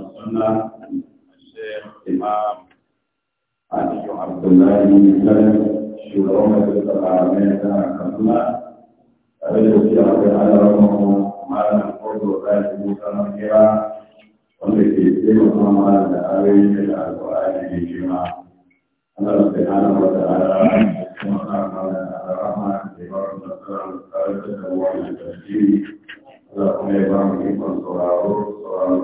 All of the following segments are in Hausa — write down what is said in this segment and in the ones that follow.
السنة الشيخ إمام علي عبد الله بن سلم شيوخ العالمين كما أبدو في عبد الله رحمه مالا قرد وقال موسى مكيرا والذي يسلم مالا لأبيه القرآن الكريم Allah Subhanahu wa taala mengatakan rahmat di bawah nalar kalau kita buat jadi Allah punya bang ini pun selalu selalu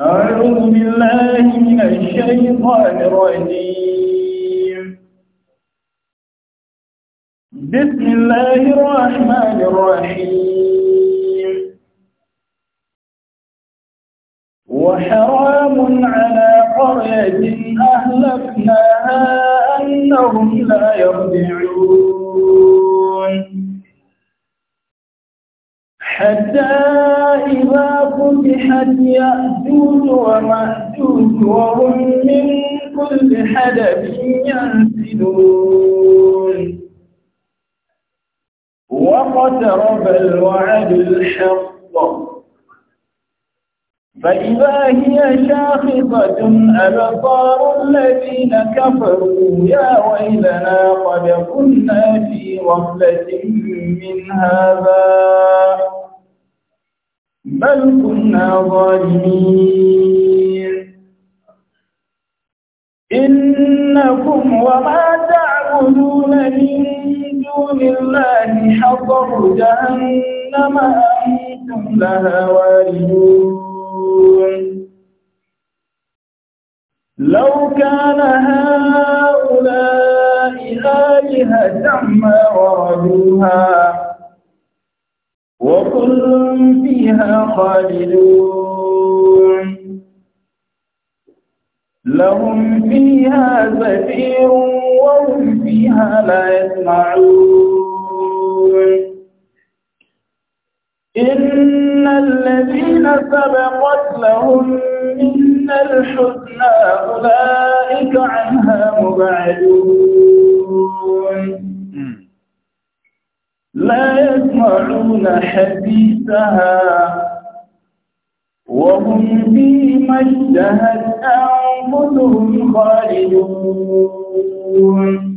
أعوذ بالله من الشيطان الرجيم بسم الله الرحمن الرحيم وحرام على قرية أهلكناها أنهم لا يرجعون حتى إذا فتحت يأجوج ومأجوج وهم من كل حدب ينسلون واقترب الوعد الحق فإذا هي شاخصة أبصار الذين كفروا يا ويلنا قد كنا في غفلة من هذا بل كنا ظالمين إنكم وما تعبدون من دون الله حضر جهنم أنتم لها واردون لو كان هؤلاء آلهة ما وردوها وكل فيها خالدون لهم فيها زفير وهم فيها لا يسمعون إن الذين سبقت لهم من الحسنى أولئك عنها مبعدون لا يسمعون حديثها وهم فيما اشتهت أنفسهم خالدون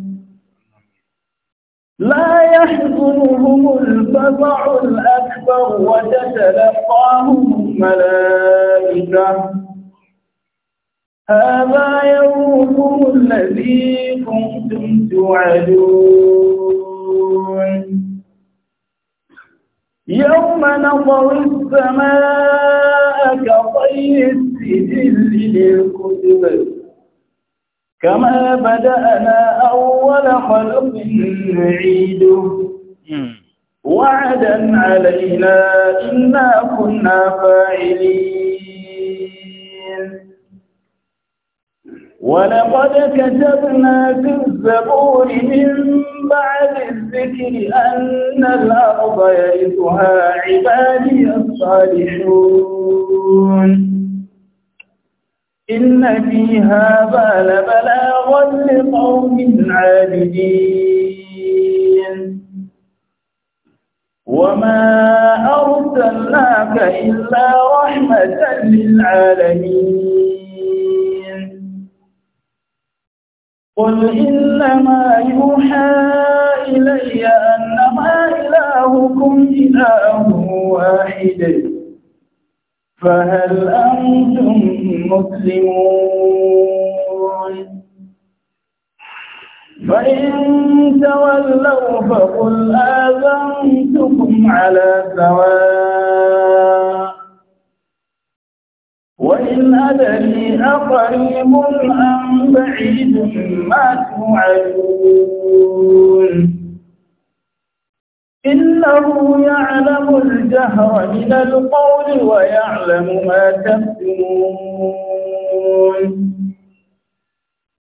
لا يحزنهم الفزع الأكبر وتتلقاهم الملائكة هذا يومكم الذي كنتم توعدون يوم نطوي السماء كطي السجل للكتب كما بدأنا أول خلق نعيده وعدا علينا إنا كنا فاعلين ولقد كتبنا في الزبور من بعد الذكر أن الأرض يرثها عبادي الصالحون إن في هذا لبلاغا لقوم عابدين وما أرسلناك إلا رحمة للعالمين قل إنما يوحى إلي أنما إلهكم إله واحد فهل أنتم مسلمون فإن تولوا فقل آذنتكم على سواء وإن أدري أقريب أم بعيد ما توعدون إنه يعلم الجهر من القول ويعلم ما تكتمون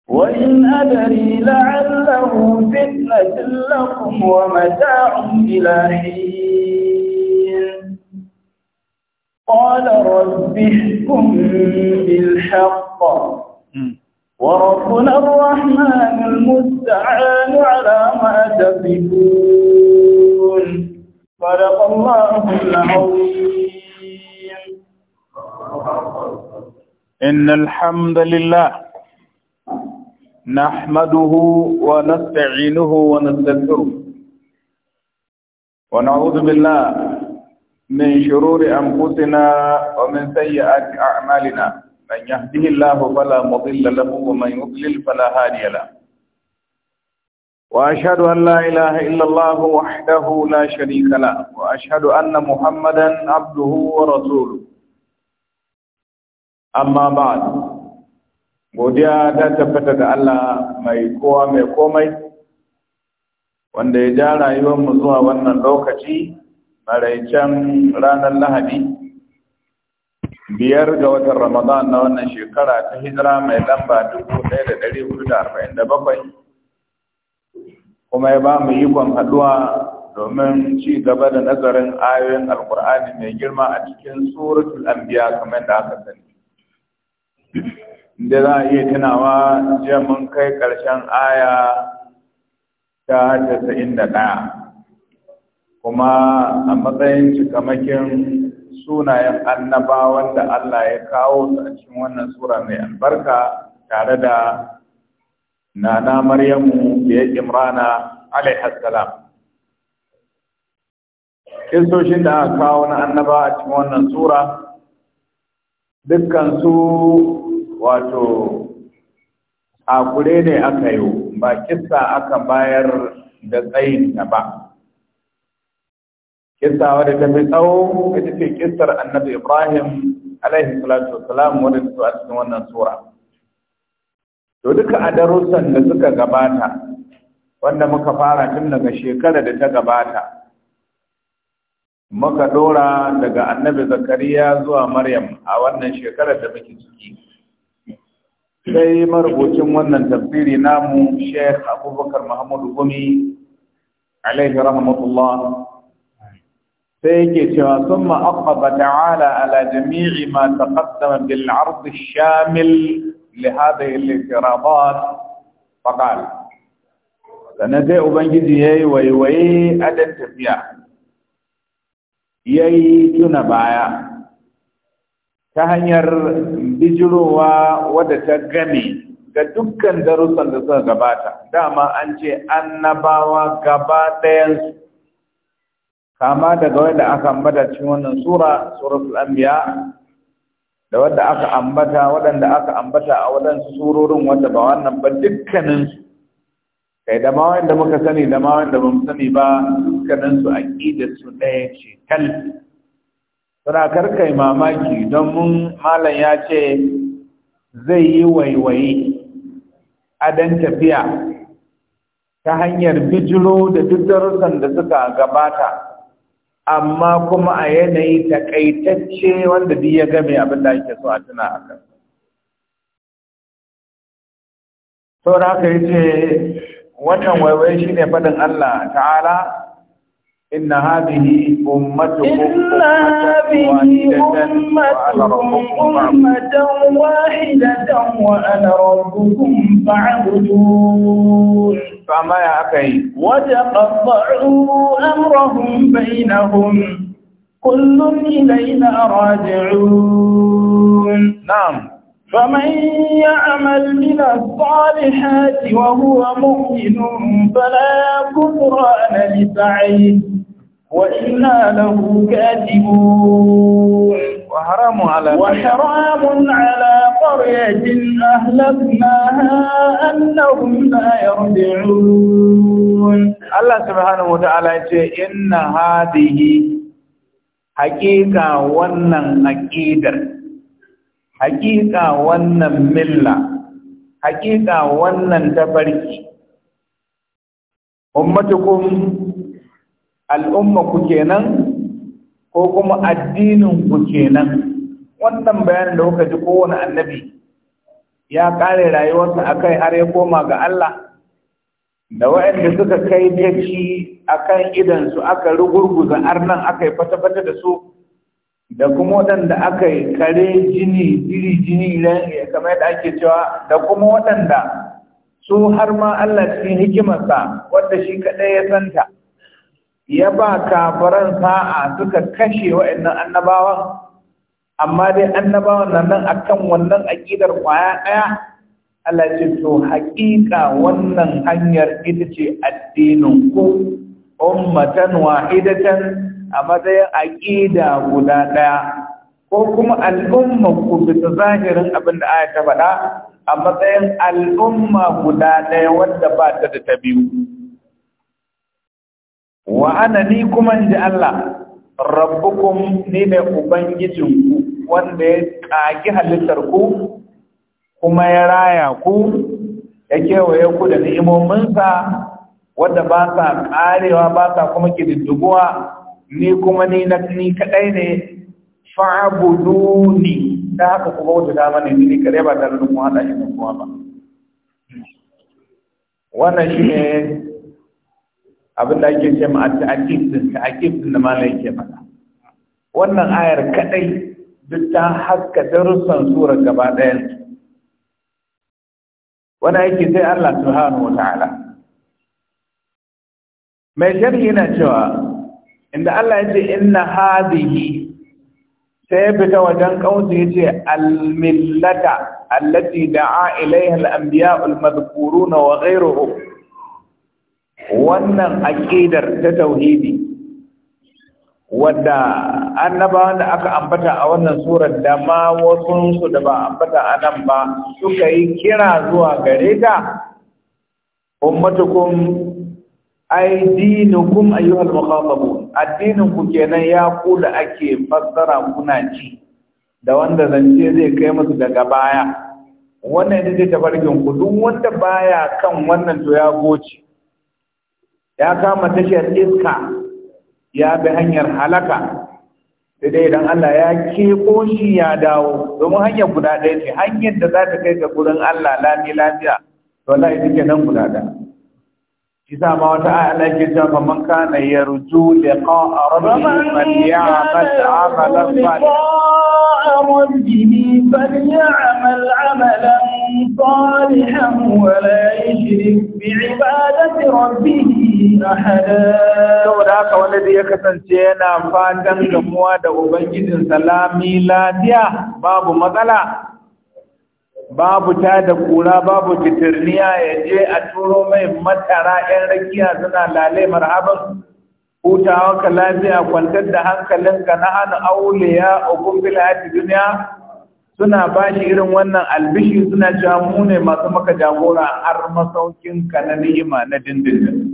وإن أدري لعله فتنة لكم ومتاع إلى حين قال رب احكم بالحق وربنا الرحمن المستعان على ما تفكون صدق الله العظيم إن الحمد لله نحمده ونستعينه ونستغفره ونعوذ بالله من شرور أنفسنا ومن سيئات أعمالنا من يهده الله فلا مضل له ومن يضلل فلا هادي له وأشهد أن لا إله إلا الله وحده لا شريك له وأشهد أن محمدا عبده ورسوله أما بعد godiya ta tabbata da Allah mai kowa mai komai wanda ya ja rayuwarmu zuwa wannan lokaci maraicen ranar lahadi biyar ga watan Ramadan na wannan shekara ta hijira mai lamba dubu kuma ba mu ikon haɗuwa domin ci gaba da nazarin ayoyin alkur'ani mai girma a cikin suratul anbiya kamar da aka sani inda za a iya tunawa jiya mun kai ƙarshen aya ta hajjata inda ɗaya kuma a matsayin cikamakin sunayen annabawan da Allah ya kawo su a cikin wannan sura mai albarka tare da nana Maryamu da Imrana alaihi salam. Kistoshin da aka kawo na annaba a cikin wannan sura dukkan wato akure ne aka yi ba kissa aka bayar da tsayin ba. kissa wadda ta fi tsawo ita ce kissar annabi ibrahim alaihi salatu wassalam wadda ta a cikin wannan sura to duka a darussan da suka gabata wanda muka fara tun daga shekara da ta gabata muka dora daga annabi zakariya zuwa maryam a wannan shekarar da muke ciki sai marubucin wannan tafsiri namu sheikh abubakar muhammadu gumi alaihi rahmatullah sai yake cewa sun ma'aƙaba ta'ala ala jami'i ma taqaddama bil ardi shamil li hadhihi al-ifradat faqal sannan sai ubangiji yayi waiwaye adan tafiya yayi tuna baya ta hanyar bijirowa wadda ta game ga dukkan darussan da suka gabata dama an ce annabawa gaba ɗayansu kama daga wanda aka ambata cikin wannan sura suratul anbiya da wanda aka ambata wadanda aka ambata a wadansu surorin wanda ba wannan ba dukkanin su kai da ma wanda muka sani da ma wanda ba mu sani ba dukkanin su aqida su ɗaya ce kal sura karkai mamaki don mun malam ya ce zai yi waiwaye adan tafiya ta hanyar bijiro da duk darussan da suka gabata amma kuma a yanayi takaitacce wanda duk ya game abin da ake so a tuna a kan saboda haka yace watan waiwai shine faɗin Allah ta'ala إن هذه أمتكم إن هذه أمة واحدة وأنا ربكم فاعبدون فما يا أخي وتقطعوا أمرهم بينهم كل إلينا راجعون نعم فمن يعمل من الصالحات وهو مؤمن فلا كفران لسعيه وإنا له كاتبون وحرام على وحرام على قرية أهلكناها أنهم لا يرجعون الله سبحانه وتعالى يقول إن هذه حقيقة ونن أكيدر hakika wannan milla hakika wannan tafarki ummatukum al'umma ku kenan ko kuma addinin ku kenan wannan bayanin da kuka ji kowane annabi ya kare rayuwarsa akai har ya koma ga Allah da wa'anda suka kai gaci akan idan su aka rugurguza arnan aka yi fata-fata da su da kuma waɗanda aka yi kare jini iri jini kamar yadda ake cewa da kuma waɗanda su har ma Allah cikin hikimarsa wadda shi kaɗai ya santa ya ba kafiran sa'a suka kashe wa'annan annabawan amma dai annabawan nan nan akan wannan aƙidar kwaya ɗaya Allah ce to haƙiƙa wannan hanyar ita ce addinin ku ummatan wahidatan a matsayin aƙida guda ɗaya ko kuma al'umma ku bisa zahirin abin da aya ta faɗa a matsayin al'umma guda ɗaya wadda ba ta da ta biyu wa ana ni kuma ji Allah rabbukum ni ne ku wanda ya ƙaƙi halittar ku kuma ya raya ku ya kewaye ku da ni'imominsa wadda ba sa ƙarewa ba sa kuma ƙididdiguwa ni kuma ni na ni kadai ne fa'abuduni da haka ku wata da ne ni kare ba da rubu hada shi kuma ba wannan shi ne abin da ake cewa ma ta'aqib din ake din da malai ke faɗa wannan ayar kadai duk ta haska darussan sura gaba ɗayan wani aiki sai Allah subhanahu wa ta'ala mai sharhi yana cewa inda Allah ya ce inna hadhihi sai fita wajen kausu ya ce almillata allati da'a ilaiha al-anbiya al-madhkuruna wa ghayruhu wannan aqidar ta tauhidi wadda annabawan da aka ambata a wannan surar da ma wasunsu da ba ambata a nan ba suka yi kira zuwa gareta, ta ummatukum ai dinukum ayyuhal mukhatabun addinin ku kenan ya ku ake fassara kuna ji da wanda zance zai kai musu daga baya wannan ne zai tafarkin ku duk wanda baya kan wannan to ya goce ya kama tashar iska ya bi hanyar halaka sai dai idan Allah ya keko shi ya dawo domin hanyar guda ɗaya ce hanyar da za ta kai ga gurin Allah lami lafiya to Allah ita nan guda ɗaya إذا ما تعالى جدا فمن كان يرجو لقاء ربه فليعمل عملا لقاء ربه فليعمل عملا صالحا ولا يشرك بعبادة ربه أحدا saboda haka wanda da ya kasance yana fatan gamuwa da ubangijin salami lafiya babu matsala babu ta da kura babu fitirniya ya je a turo mai matara 'yan rakiya suna lalai marhaban hutawa ka lafiya kwantar da hankalin ka na hana auliya a kumfila duniya suna ba shi irin wannan albishi suna cewa mu ne masu maka jagora har ka na ni'ima na dindindin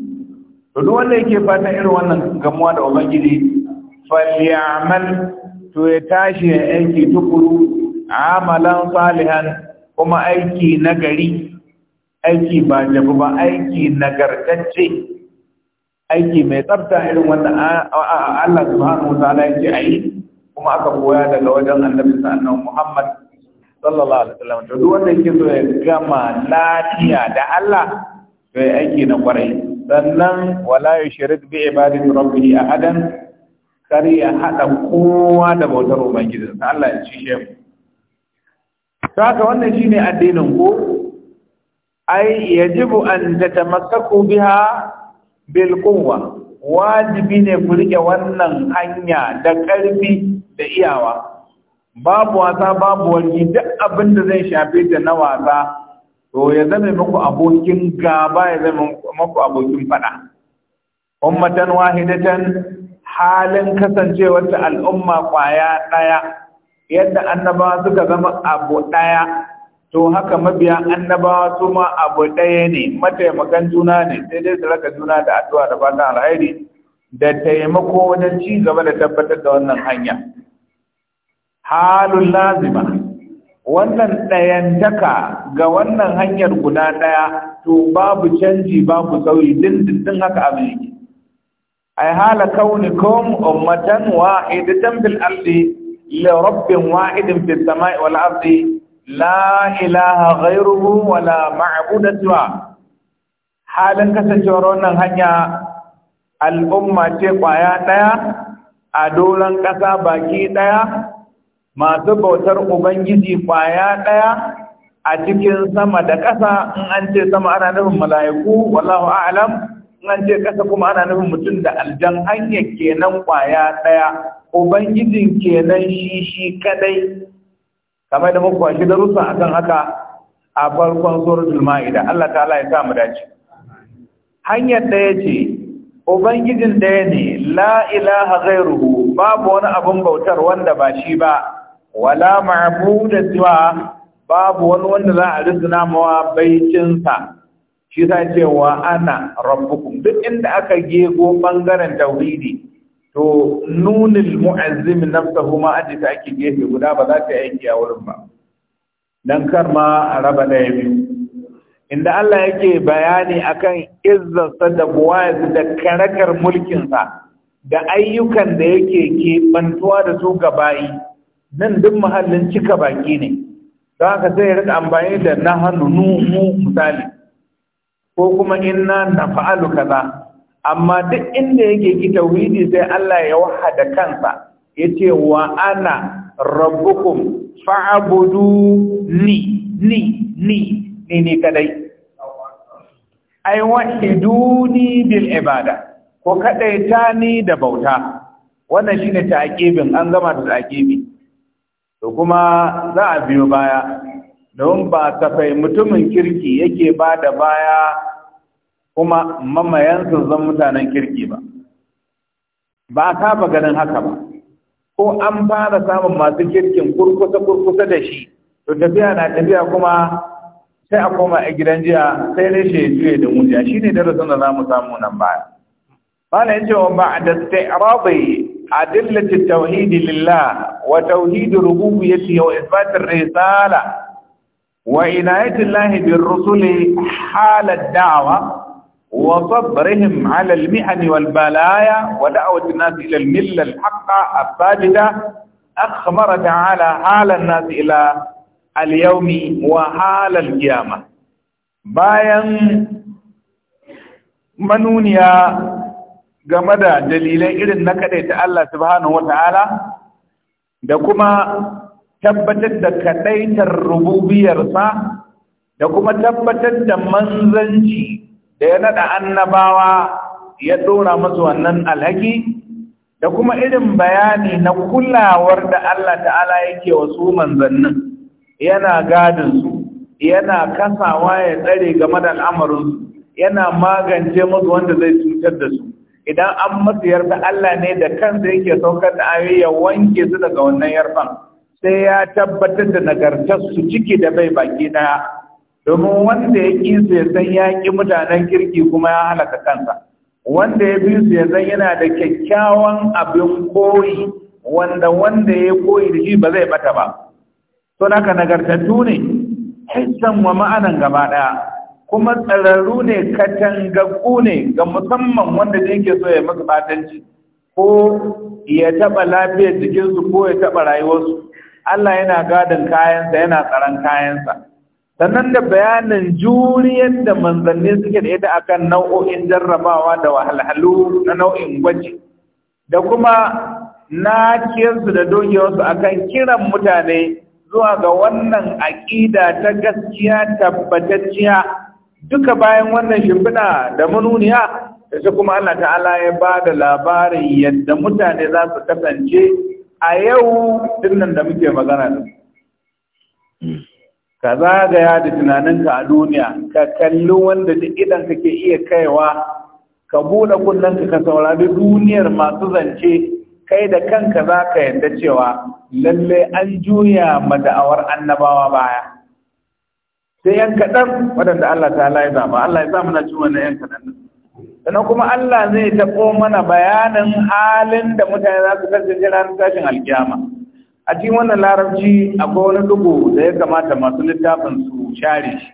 to duk wanda yake fatan irin wannan gamuwa da ubangiji falyamal to ya tashi ya aiki tukuru amalan salihan kuma aiki nagari aiki ba jabu ba aiki nagartacce aiki mai tsafta irin wanda Allah subhanahu wataala ya ce ayi kuma aka koya daga wajen annabi sallallahu Muhammad sallallahu alaihi wasallam to duk wanda yake so ya gama lafiya da Allah to ya aiki na kwarai sannan wala yushrik bi ibadati rabbih ahadan kar ya hada kowa da bautar ubangijinsa Allah ya ci shi saka wannan shine addinin ku ai yajibu an tatamassaku biha bil quwwa wajibi ne ku rike wannan hanya da ƙarfi da iyawa babu wasa babu wani duk abin da zai shafe ta na wasa to ya zame muku abokin gaba ya zame muku abokin fada ummatan wahidatan halin kasancewar ta al'umma kwaya daya yadda annabawa suka zama abu ɗaya to haka mabiya annabawa su ma abu ɗaya ne mataimakan juna ne sai dai su juna da addu'a da fatan alheri da taimako wajen ci gaba da tabbatar da wannan hanya halul lazima wannan ɗayantaka ga wannan hanyar guda ɗaya to babu canji babu sauyi dindindin haka abin yake ai hala kaunikum ummatan wahidatan bil ardi لرب واحد في السماء والأرض لا إله غيره ولا معبود سواه halin kasancewar wannan hanya al'umma ce kwaya ɗaya a doron ƙasa baki ɗaya masu bautar ubangiji kwaya ɗaya a cikin sama da ƙasa in an ce sama ana nufin mala'iku wallahu a'lam in an ce ƙasa kuma ana nufin mutum da aljan hanya kenan kwaya ɗaya ubangijin kenan shi shi kadai kamar da muku kwashi darussa akan haka a farkon suratul ma'ida Allah ta'ala ya sa mu dace hanyar da ce ubangijin daya ne la ilaha ghairuhu babu wani abun bautar wanda ba shi ba wala ma'budu siwa babu wani wanda za a rizna mawa baicinsa shi ta cewa ana rabbukum duk inda aka gego ɓangaren tauhidi to nunin mu'azzim nafsahu ma aji ta ake gefe guda ba za ta yi aiki a wurin ba dan kar ma a raba ɗaya biyu inda Allah yake bayani akan izzarsa da buwayarsa da karakar mulkinsa da ayyukan da yake bantuwa da su gabayi nan duk mahallin cika baki ne don haka sai rika amfani da na hannu mu misali ko kuma inna na fa'alu kaza amma duk inda yake ki tauhidi sai Allah ya wahada kansa yace wa ana rabbukum fa'budu ni ni ni ni ni kadai ai wahiduni bil ibada ko ta ni da bauta wannan shine ta'aqibin an gama da ta'aqibi to kuma za a biyo baya don ba safai mutumin kirki yake ba da baya kuma mamayansu zan mutanen kirki ba ba a kafa ganin haka ba ko an fara samun masu kirkin kurkusa kurkusa da shi to tafiya na tafiya kuma sai a koma a gidan jiya sai ne shi juye da mujiya shi ne darasin da za mu samu nan baya bala yace wa ba'da ta'rabi adillat tauhid lillah wa tauhid rububiyyati wa ithbat ar-risala wa inayati Allah bir-rusuli hala ad-da'wa وصبرهم على المحن والبلايا ودعوة الناس إلى الملة الحقة الساجدة أخبر تعالى حال الناس إلى اليوم وحال القيامة bayan manuniya game da dalilai irin na kaɗai ta Allah subhanahu ta'ala da kuma tabbatar da kaɗaitar rububiyarsa da kuma tabbatar da manzanci da ya naɗa annabawa ya ɗora masu wannan alhaki da kuma irin bayani na kulawar da Allah ta'ala yake wa su manzannin yana gadinsu yana kasawa ya tsare game da al'amarinsu yana magance musu wanda zai cutar da su idan an masu yarda Allah ne da kansa yake saukar da ayoyi ya wanke su daga wannan yarfan sai ya tabbatar da nagartar su ciki da bai baki daya domin wanda ya ƙi su ya san ya ƙi mutanen kirki kuma ya halaka kansa wanda ya bi su ya san yana da kyakkyawan abin koyi wanda wanda ya koyi da shi ba zai bata ba to naka nagartattu ne hissan wa ma'anan gaba ɗaya kuma tsararru ne katangaggu ne ga musamman wanda da yake so ya masu batanci ko ya taɓa lafiyar jikinsu ko ya taɓa rayuwarsu Allah yana gadin kayansa yana tsaron kayansa sannan da bayanin juriyar da manzanni suke da ita akan nau'o'in jarrabawa da wahalhalu na nau'in gwaji da kuma na nakiyarsu da dogewarsu akan kiran mutane zuwa ga wannan aƙida ta gaskiya tabbatacciya duka bayan wannan shimfiɗa da manuniya da kuma Allah ta'ala ya ba da labarin yadda mutane za su kasance a yau dinnan da muke magana da su. Hmm. ka zagaya da tunaninka a duniya ka kalli wanda duk idan kake iya kaiwa ka buɗe kullum ka saurari duniyar masu zance kai da kanka za ka yarda cewa lalle an juya mada'awar annabawa baya sai yan kaɗan waɗanda Allah ta ya zama. Allah ya zama na ci wannan yan kaɗan sannan kuma Allah zai taɓo mana bayanin halin da mutane za su kasance ranar tashin alkiyama a cikin wannan larabci akwai wani dubu da ya kamata masu littafin su share shi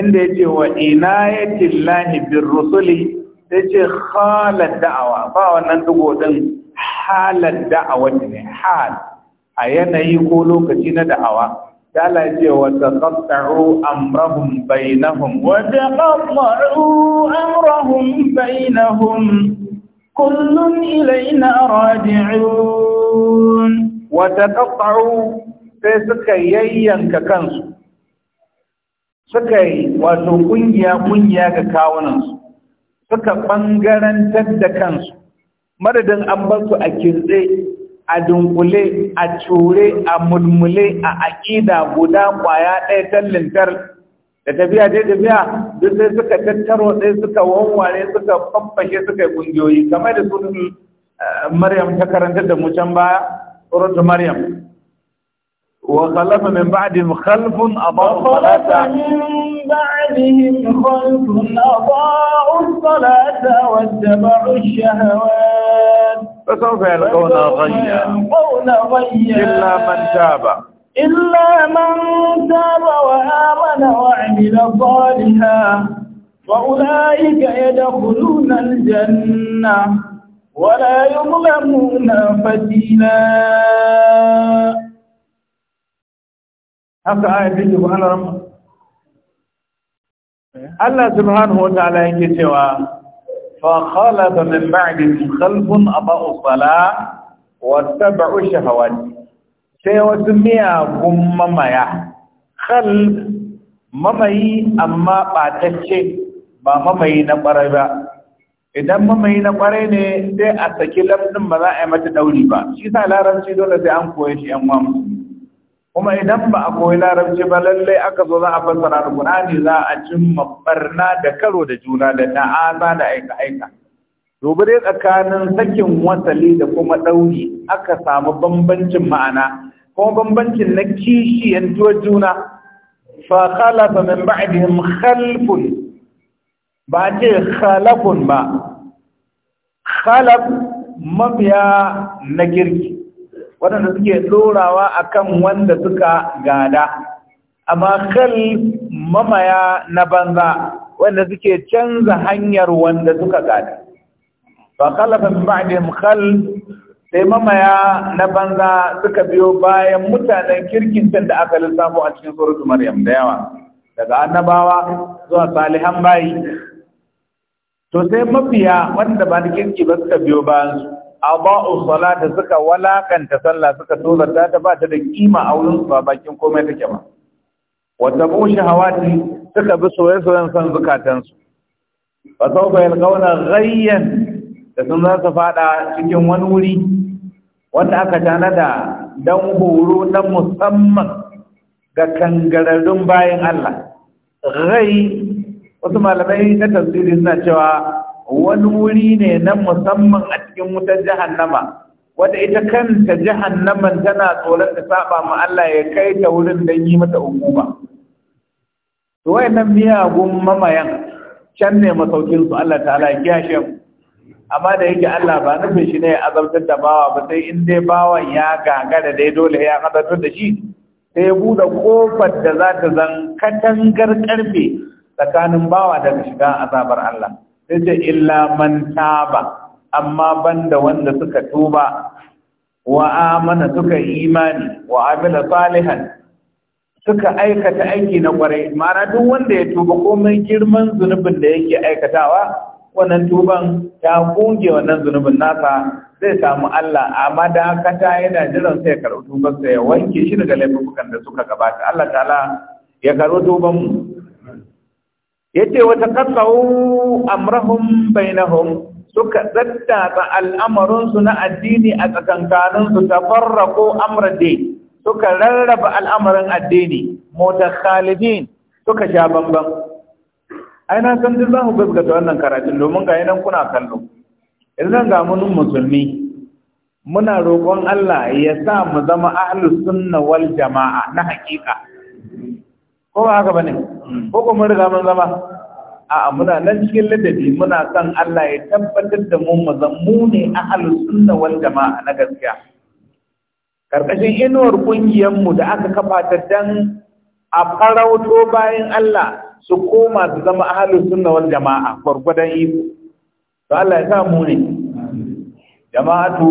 inda ya ce wa ya lahi bin rusuli ta ce halar da'awa ba wannan dubu din halar da'awa ne hal a yanayi ko lokaci na da'awa ta la ce wa taqatta'u amrahum bainahum wa taqatta'u amrahum bainahum kullun ilaina raji'un wata ƙaƙa'u sai suka yayyanka kansu suka yi wato ƙungiya-ƙungiya ga kawunansu suka ɓangarantar da kansu madadin an basu a kirɗe a dunkule a cure a mulmule a aƙida guda ƙwaya ɗaya tallintar da tafiya dai tafiya duk sai suka tattaro sai suka wanware suka fafashe suka yi ƙungiyoyi kamar da su eh, maryam ta karanta da mucan baya سورة مريم وخلف من بعدهم خلف أضاعوا الصلاة من بعدهم خلف أضاعوا الصلاة واتبعوا الشهوات فسوف يلقون غيا يلقون غيا إلا من تاب إلا من تاب وآمن وعمل صالحا فأولئك يدخلون الجنة ولا يظلمون فتيلا haka ayatul subhanahu rabba Allah subhanahu wa ta'ala yake cewa fa khalafa min ba'dihim khalfun aba'u sala wa tabu'u shahawat sai wasu miyagun mamaya khal mamayi amma batacce ba mamayi na ƙwarai ba idan mai na kwarai ne sai a saki lafsin ba za a yi mata dauri ba shi sa larabci dole sai an koya shi yan mamu kuma idan ba a koyi larabci ba lallai aka zo za a fassara alqur'ani za a cimma barna da karo da juna da ta'aza da aika aika dubi dai tsakanin sakin wasali da kuma dauri aka samu bambancin ma'ana kuma bambancin na kishi yan juna fa khalafa min ba'dihim khalfun ba ce khalaqun ba khalaq mabiya na girki, waɗanda suke ɗorawa akan wanda suka gada amma khal mamaya na banza wanda suke canza hanyar wanda suka gada Ba khalafa min khal sai mamaya na banza suka biyo bayan mutanen kirkin can da aka lissafo a cikin suratul maryam da yawa daga annabawa zuwa salihan bayi to sai mafiya wanda ba kirki ba suka biyo bayansu, su aba'u salata suka walakanta sallah suka tozarta ta ba ta da kima a wurin su ba bakin komai take ba wata bu shahawati suka bi soyayya soyayya san zakatan su fa bai yalqawna ghayyan da sun za su fada cikin wani wuri wanda aka tanada dan horo na musamman ga kangararrun bayan Allah ghayy wasu malamai na tasiri suna cewa wani wuri ne na musamman a cikin wutar nama, wadda ita kanta nama tana tsoron ta saba ma Allah ya kai ta wurin don yi mata hukuma to wayannan miyagun mamayan can ne masaukin su Allah ta'ala ya amma da yake Allah ba nufin shi ne ya azabtar da bawa ba sai in dai bawan ya gagara dai dole ya azabtar da shi sai ya buɗe kofar da za ta zan katangar karfe tsakanin bawa daga shiga azabar Allah sai ce illa man taba amma banda wanda suka tuba wa amana suka imani wa amila salihan suka aikata aiki na kwarai mara duk wanda ya tuba komai girman zunubin da yake aikatawa wannan tuban ta kunge wannan zunubin nasa zai samu Allah amma da a madakata yana jiran sai ya karɓi tubansa ya wanke shi daga laifukan da suka gabata Allah ta'ala ya karɓi tubanmu. yace wata taqatta'u amrahum bainahum suka daddata al'amarin su na addini a tsakankanin su tafarraqu amra din suka rarraba al'amarin addini mutakhalidin suka sha bambam aina san duk zamu gaskata wannan karatun domin ga yanan kuna kallo idan ga mun musulmi muna roƙon Allah ya sa mu zama ahlus sunna wal jama'a na haƙiƙa ko ba haka bane mm. ko ko mun riga mun zama a muna nan cikin ladabi muna san Allah ya tabbatar da mu mazan mu ne ahlus sunna wal jama'a na gaskiya karkashin inuwar kungiyar mu da aka kafa ta dan a farauto bayan Allah su koma su zama ahlus sunna wal jama'a gurgudan iko to Allah ya sa mu ne jama'atu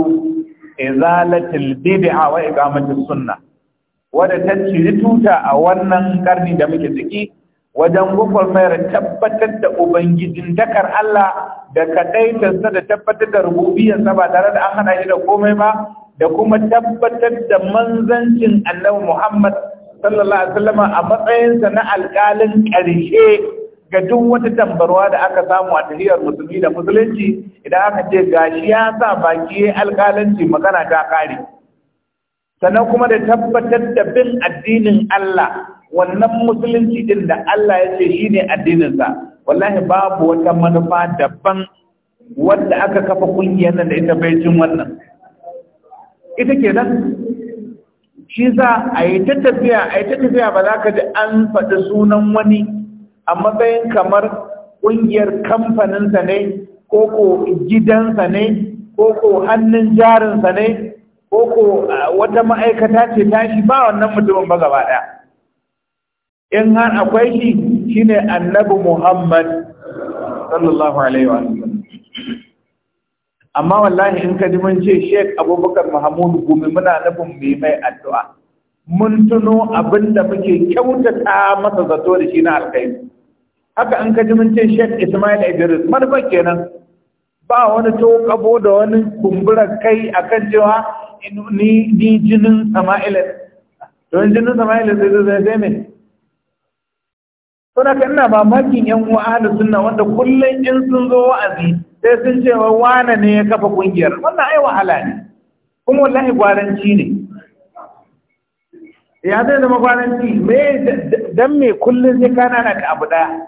izalatil bid'a wa iqamatis sunnah wadda ta ciri tuta a wannan karni da muke ciki wajen gwagwarmayar tabbatar da ubangijin dakar Allah da kaɗaitarsa da tabbatar da rububiyarsa ba tare da an hana shi da komai ba da kuma tabbatar da manzancin annabi Muhammad sallallahu alaihi wasallam a matsayinsa na alƙalin ƙarshe ga duk wata tambarwa da aka samu a tahiyar musulmi da musulunci idan aka ce gashi ya sa baki alƙalanci magana ta kare. sannan kuma da tabbatar da bin addinin Allah wannan musulunci din da Allah ya ce shi ne addininsa wallahi babu wata manufa daban wadda aka kafa kungiyar nan da ita bai cin wannan ita ke nan shi za a yi ta tafiya a yi ta tafiya ba za ka ji an faɗi sunan wani a matsayin kamar ƙungiyar kamfaninsa ne ko ko gidansa ne ko ko hannun jarinsa ne ko ko wata ma'aikata ce ta shi ba wannan mutumin ba gaba ɗaya in har akwai shi shine annabi muhammad sallallahu alaihi wa amma wallahi in ka ji mun ce sheik abubakar mahamudu gumi muna nufin mai mai addu'a mun tuno abin da muke kyautata masa zato da shi na alkai haka an ka ji mun ce Sheikh Ismail Idris marfa kenan ba wani tokabo da wani kumbura kai akan cewa ni jinin sama'ila don jinin sama'ila zai zai zai mai suna kan ina mamakin yan uwa suna wanda kullum in sun zo wa'azi sai sun ce wa wane ne ya kafa kungiyar wannan ai wahala ne kuma wallahi gwaranci ne ya zai zama gwaranci me dan me kullum zai kana na ka abu daya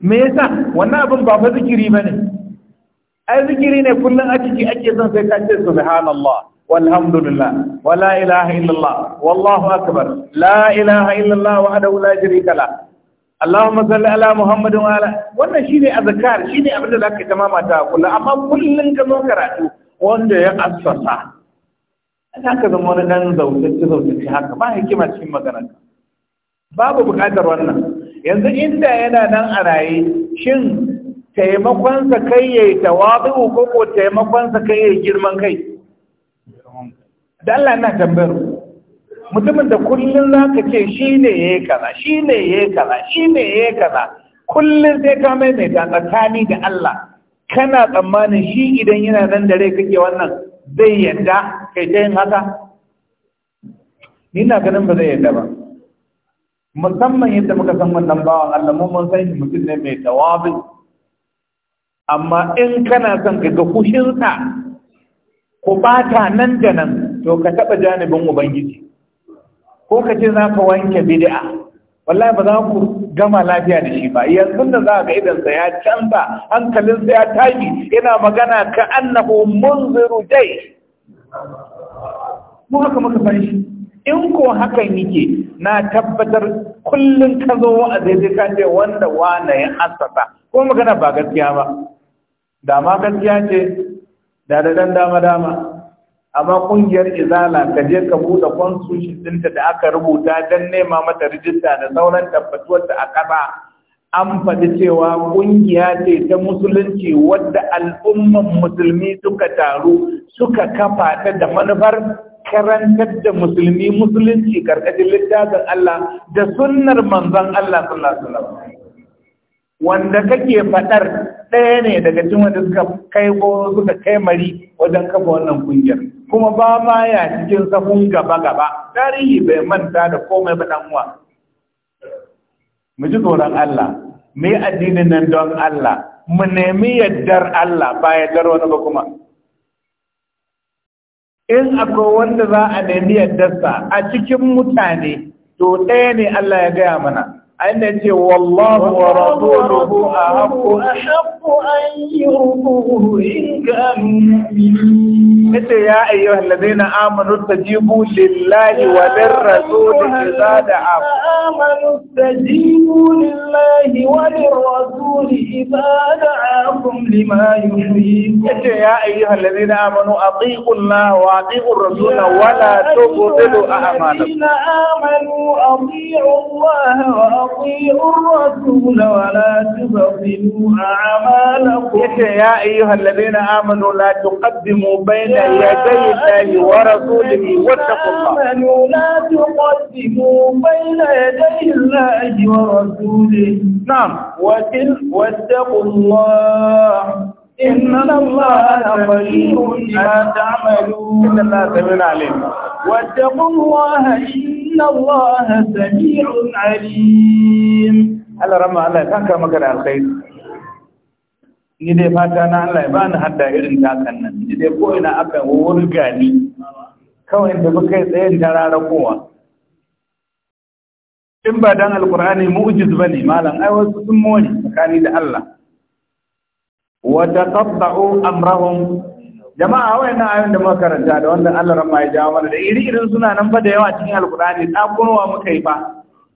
me yasa wannan abin ba fa zikiri bane ai zikiri ne kullum a ciki ake son sai ka ce subhanallah walhamdulillah wala ilaha illallah wallahu akbar la ilaha illallah wahdahu la sharika la Allahumma salli ala Muhammadin wa ala wannan shine azkar shine abin da zaka tamama ta kullum amma kullum ka zo karatu wanda ya assasa ka zama wani dan zautacce zautacce haka ba hikima cikin maganar babu buƙatar wannan yanzu inda yana nan a raye shin taimakonsa kai ya yi tawazu ko ko taimakonsa kai ya yi girman kai dan lana na tambayar mutumin da kullum za ka ce shi ne ya yi kaza shi ne ya yi kaza shi ne ya yi kaza kullum sai ka mai mai tsakani da Allah kana tsammanin shi idan yana nan da rai kake wannan zai yadda kai ta yin haka ni na ganin ba zai yadda ba musamman yadda muka san wannan bawan Allah mun san shi mutum ne mai tawabi amma in kana son ka ga fushinsa ko bata nan da nan to ka taɓa janibin ubangiji ko ka ce za ka wanke bid'a wallahi ba za ku gama lafiya da shi ba yanzu da za idan idansa ya canza hankalinsa ya tashi yana magana ka annahu munziru dai mu haka muka san shi in ko hakan yake na tabbatar kullum ka zo a daidai ka ce wanda wane ya asasa ko magana ba gaskiya ba da ma gaskiya ce da da dan dama dama amma kungiyar izala ka je ka buɗe constitution ɗinta da aka rubuta don nema mata rijista da sauran tabbatuwarta a ƙasa an faɗi cewa ƙungiya ce ta musulunci wadda al'umman musulmi suka taru suka kafa ta da manufar karantar da musulmi musulunci karkashin littafin Allah da sunnar manzon Allah sallallahu alaihi wasallam wanda kake faɗar ɗaya ne daga cikin wanda suka kai ko suka kai mari wajen kafa wannan kungiyar kuma ba ma ya cikin safun gaba gaba tarihi bai manta da komai ba dan uwa mu ji tsoron Allah mu yi addinin nan don Allah mu nemi yaddar Allah ba yaddar wani ba kuma in akwai wanda za a nemi yaddarsa a cikin mutane to ɗaya ne Allah ya gaya mana أن والله ورسوله أحب أحب أن يرضوه إن كانوا يا أيها الذين آمنوا استجيبوا لله وللرسول إذا دعاكم آمنوا استجيبوا لله وللرسول إذا دعاكم لما يحييكم يا أيها الذين آمنوا أطيعوا الله وأطيعوا الرسول ولا تبطلوا أعمالكم الذين آمنوا أطيعوا الله يا أيها الذين آمنوا لا تقدموا بين يدي الله ورسوله واتقوا الله آمنوا لا تقدموا بين يدي الله ورسوله نعم واتقوا الله إن الله خبير بما تعملون إن الله سميع ni dai fata na Allah ya bani hadda irin takan nan ni dai ko ina aka wurga ni kawai da muka yi tsayin tarara kowa in ba dan alkur'ani mu'jiz bane malam ai wasu sun mori tsakani da Allah wata taqatta'u amrahum jama'a wayannan ayoyin da muka karanta da wanda Allah ramma ya jawo mana da iri irin suna nan ba da yawa cikin alkurani kunwa muka yi fa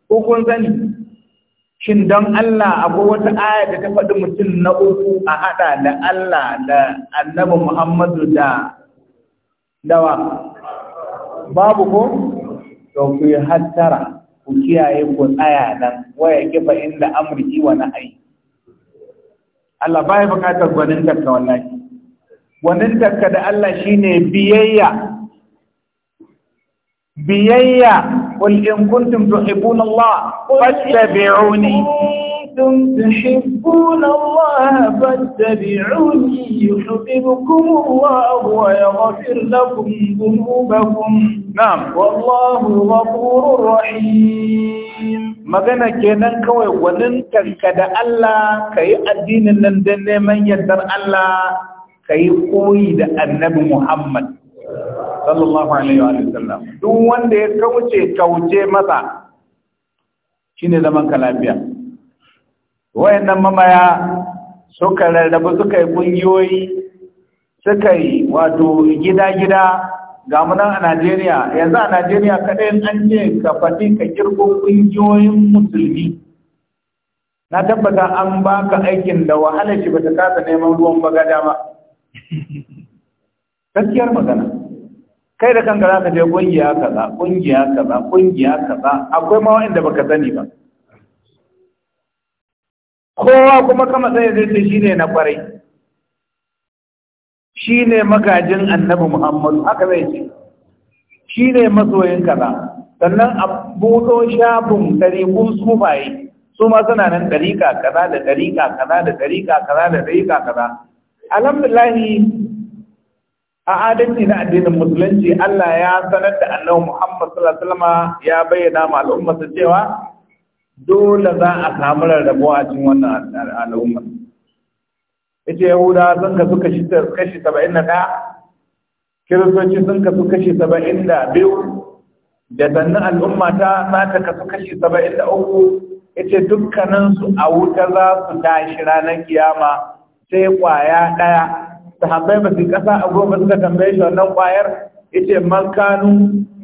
ko kun sani shin dan Allah akwai wata aya da ta faɗi mutum na uku a haɗa da Allah da annabi Muhammadu da dawa babu ko to ku hattara ku kiyaye ku tsaya nan waya kifa inda amri wa na'ayi Allah baya bukatar takka wallahi gwanin takka da Allah shine biyayya biyayya qul in kuntum tuhibbuna Allah fattabi'uni كنتم تحبون الله فاتبعوني يحببكم الله ويغفر لكم ذنوبكم نعم والله غفور رحيم magana kenan kawai wannan kanka da Allah kai addinin nan da neman yardar Allah kai koyi da annabi Muhammad sallallahu alaihi wa sallam duk wanda ya kauce kauce masa shine zaman ka lafiya wayannan mamaya suka rarrabu suka yi kungiyoyi suka yi wato gida-gida ga munan a Najeriya yanzu a Najeriya kaɗai an ce ka faɗi ka kirko kungiyoyin musulmi na tabbata an baka aikin da wahala shi bata kasa neman ruwan bagada ba gaskiyar magana kai da kanka za ka je kungiya kaza kungiya kaza kungiya kaza akwai ma wa'anda baka sani ba kowa kuma kama tsaye zai ce shi ne na kwarai shi ne magajin annabi muhammadu haka zai ce shi ne masoyin kaza sannan a buɗo shafin ɗariƙun sufaye su ma suna nan ɗariƙa kaza da ɗariƙa kaza da ɗariƙa kaza da ɗariƙa kaza alhamdulahi a adalci na addinin musulunci Allah ya sanar da annabi Muhammad sallallahu alaihi wasallam ya bayyana ma al'ummar cewa dole za a samu rarrabo a cikin wannan al'umma ita yahuda sun kasu kashi kashi saba'in da ɗaya kiristoci sun kasu kashi saba'in da biyu da sannan al'umma ta za ta kasu kashi saba'in da uku ce dukkaninsu a wuta za su tashi ranar kiyama sai kwaya ɗaya sahabbai ba su ƙasa a goma suka tambaye shi wannan kwayar ce man kanu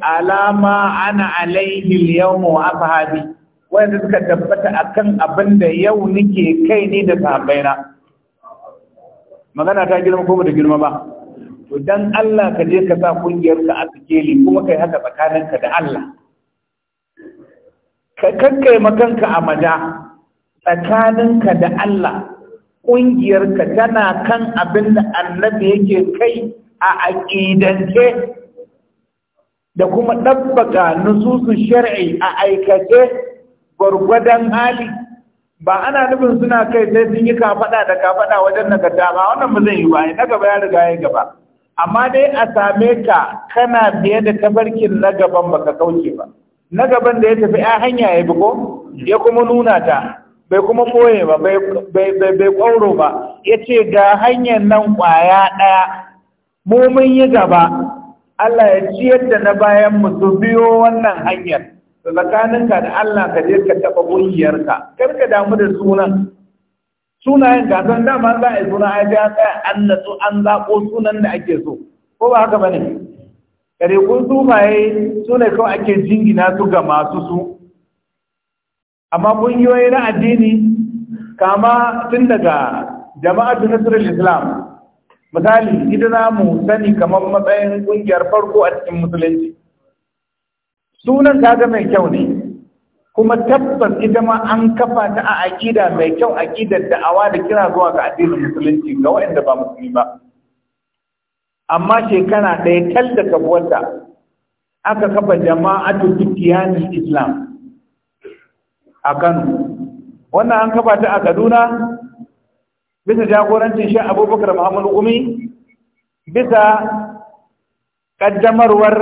alama ana alaihi a sahabi. wanda suka tabbata akan abin da yau nike kai ne da sahabbaina magana ta girma ko da girma ba to dan Allah ka je ka sa kungiyar ka a sikeli kuma kai haka tsakaninka da Allah ka kankai makanka a maja tsakaninka da Allah ƙungiyarka tana kan abin da annabi yake kai a aƙidance da kuma ɗabbaka nususun shar'i a aikace gwargwadon hali ba ana nufin suna kai sai sun yi kafaɗa da kafaɗa wajen nagarta ba wannan ba zai yi ba na gaba ya riga ya gaba amma dai a same ka kana biye da tabarkin na gaban ba ka kauce ba na gaban da ya tafi ya hanya ya ko ya kuma nuna ta bai kuma koye ba bai kwauro ba ya ce ga hanyar nan kwaya ɗaya mu mun yi gaba Allah ya ciyar da na bayan mu su biyo wannan hanyar to tsakaninka da Allah ka je ka taɓa ƙungiyarka kar ka damu da sunan sunayen gasar dama za a yi suna a ya tsaya an natsu an zaɓo sunan da ake so ko ba haka bane ɗariƙun sumaye su ne kawai ake jingina su ga masu su amma ƙungiyoyi na addini kama tun daga jama'atu nasarar islam misali ita za mu sani kamar matsayin ƙungiyar farko a cikin musulunci sunan kaga mai kyau ne kuma tabbas ita ma an kafa ta a aƙida mai kyau aƙidar da'awa da kira zuwa ga addinin musulunci ga waɗanda ba musulmi ba amma shekara ɗaya tal da kabuwarta aka kafa jama'atu ittiyanul islam a Kano wannan an kafa ta a Kaduna bisa jagorancin shi Abubakar Muhammad Umi bisa ƙaddamarwar.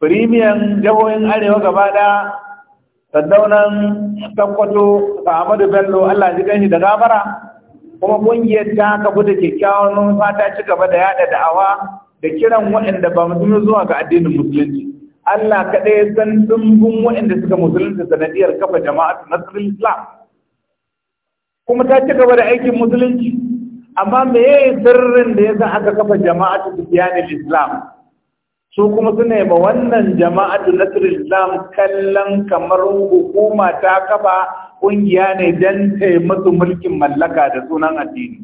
firimiyan jihohin arewa gaba da sandaunan tankwato amadu bello allah ji gani da gabara kuma ƙungiyar ta kabu da kyakkyawan fata ci gaba da yada da'awa da kiran waɗanda ba mutum zuwa ga addinin musulunci Allah kaɗai ya san dumbin waɗanda suka musulunci sanadiyar kafa jama'atu nasarar islam kuma ta ci gaba da aikin musulunci amma me sirrin da ya sa aka kafa jama'atu sufiyanin islam su kuma su nema wannan jama'atu na islam kallon kamar hukuma ta kafa ƙungiya ne don taimaka mulkin mallaka da sunan addini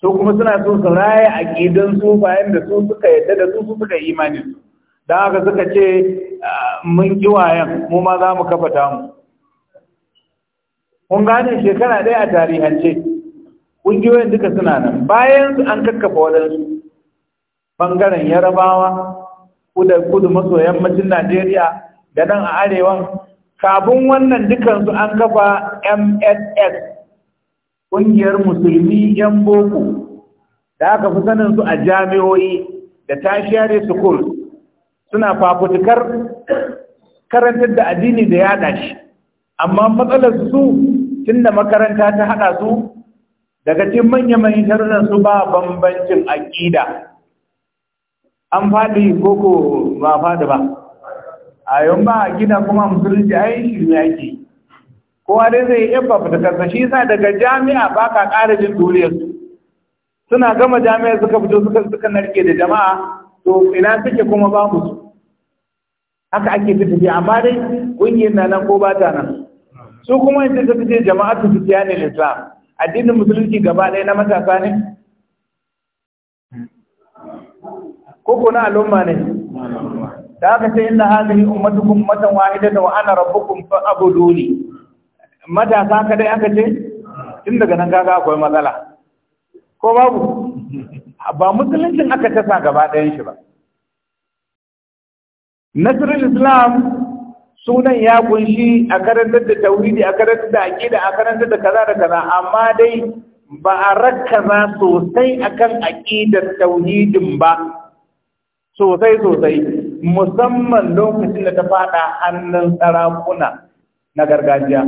su kuma suna so su a gidan su bayan da su suka yadda da su suka yi imani su don haka suka ce ah, mun kiwayen mu ma za mu kafa tamu kun gane shekara ɗaya a tarihance ƙungiyoyin duka suna nan bayan an kakkafa waɗansu bangaren yarabawa kudu maso yammacin najeriya da nan a arewan kafin wannan dukansu an kafa mss ƙungiyar musulmi yan boko da aka fi sanin su a jami'o'i da tertiary school suna fafutukar karantar da addini da yada shi amma matsalar su tunda makaranta ta hada su daga cikin manya-manyan su ba bambancin aƙida an faɗi koko ba faɗi ba a yau ba gina kuma musulunci a yi shirme ake kowa dai zai yi ba fita kasa shi sa daga jami'a ba ka ƙara jin duniyarsu suna gama jami'a suka fito suka suka narke da jama'a to ina suke kuma babu su haka ake fita tafiya amma dai ƙungiyar na nan ko ba ta nan su kuma in ta su ne islam addinin musulunci gaba ɗaya na matasa ne ko na al'umma ne da aka ce inna hadhihi ummatukum ummatan wahidatan wa ana rabbukum fa'buduni matasa ka dai aka ce tun daga nan kaga akwai matsala ko babu ba musuluncin aka tasa gaba ɗayan shi ba nasrul islam sunan ya kunshi a karantar da tauridi a karantar da aqida a karantar da kaza da kaza amma dai ba a rakkaza sosai akan aqidar tauhidin ba sosai sosai musamman lokacin da ta faɗa hannun sarakuna na gargajiya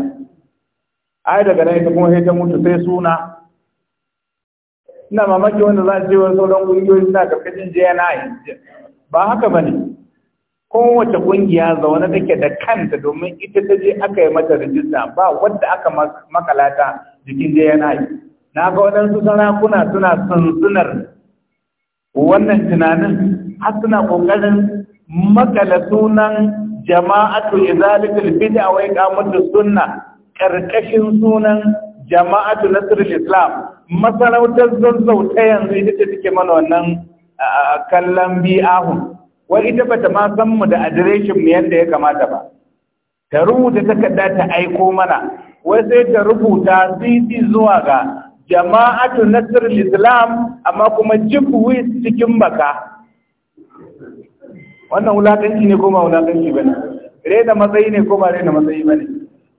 ai daga nan ita kuma sai ta mutu sai suna ina mamaki wanda za ce wa sauran ƙungiyoyi suna karkashin JNI ba haka ba ne kowace ƙungiya zaune take da kanta domin ita ta je aka yi mata rijista ba wadda aka makalata jikin JNI na ga waɗansu sarakuna suna sunsunar wannan tunanin har suna kokarin makala sunan jama'atu izalatul bid'a wa iqamatu sunna karkashin sunan jama'atu nasrul islam masarautar zanzau ta yanzu ita ce take mana wannan kallon bi'ahun wai ita bata ma san mu da adireshin mu yadda ya kamata ba ta rubuta takarda ta aiko mana wai sai ta rubuta cd zuwa ga jama'atu nasrul islam amma kuma jibwi cikin baka wannan wulaƙanci ne ko ba wulaƙanci ba ne rena matsayi ne ko ba rena matsayi ba ne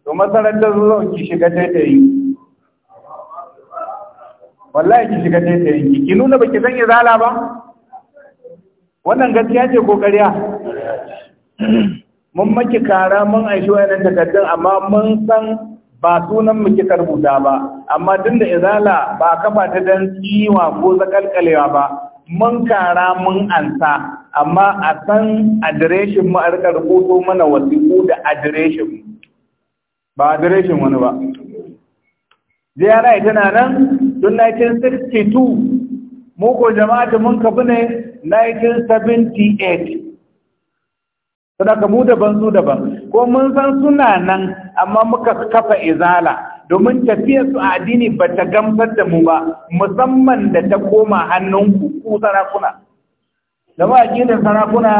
to masarantar zuwa ki shiga taitayin wallahi ki shiga taitayin ki nuna nuna baki san zala ba wannan gaskiya ce ko ƙarya mun maki kara mun aishi wayannan takardun amma mun san ba sunan mu kika rubuta ba amma tunda izala ba kafa ta dan kiwa ko zakalkalewa ba mun kara mun ansa amma a san adireshin mu a rika rubuto mana wasiƙu da adireshin ba adireshin wani ba jiyara tana nan tun 1962 muku jama'atu mun kafi ne 1978 sadaka mu daban su daban ko mun san suna nan amma muka kafa izala domin tafiyar su a addini ba ta gamsar da mu ba musamman da ta koma hannunku ku sarakuna da ba aƙidar sarakuna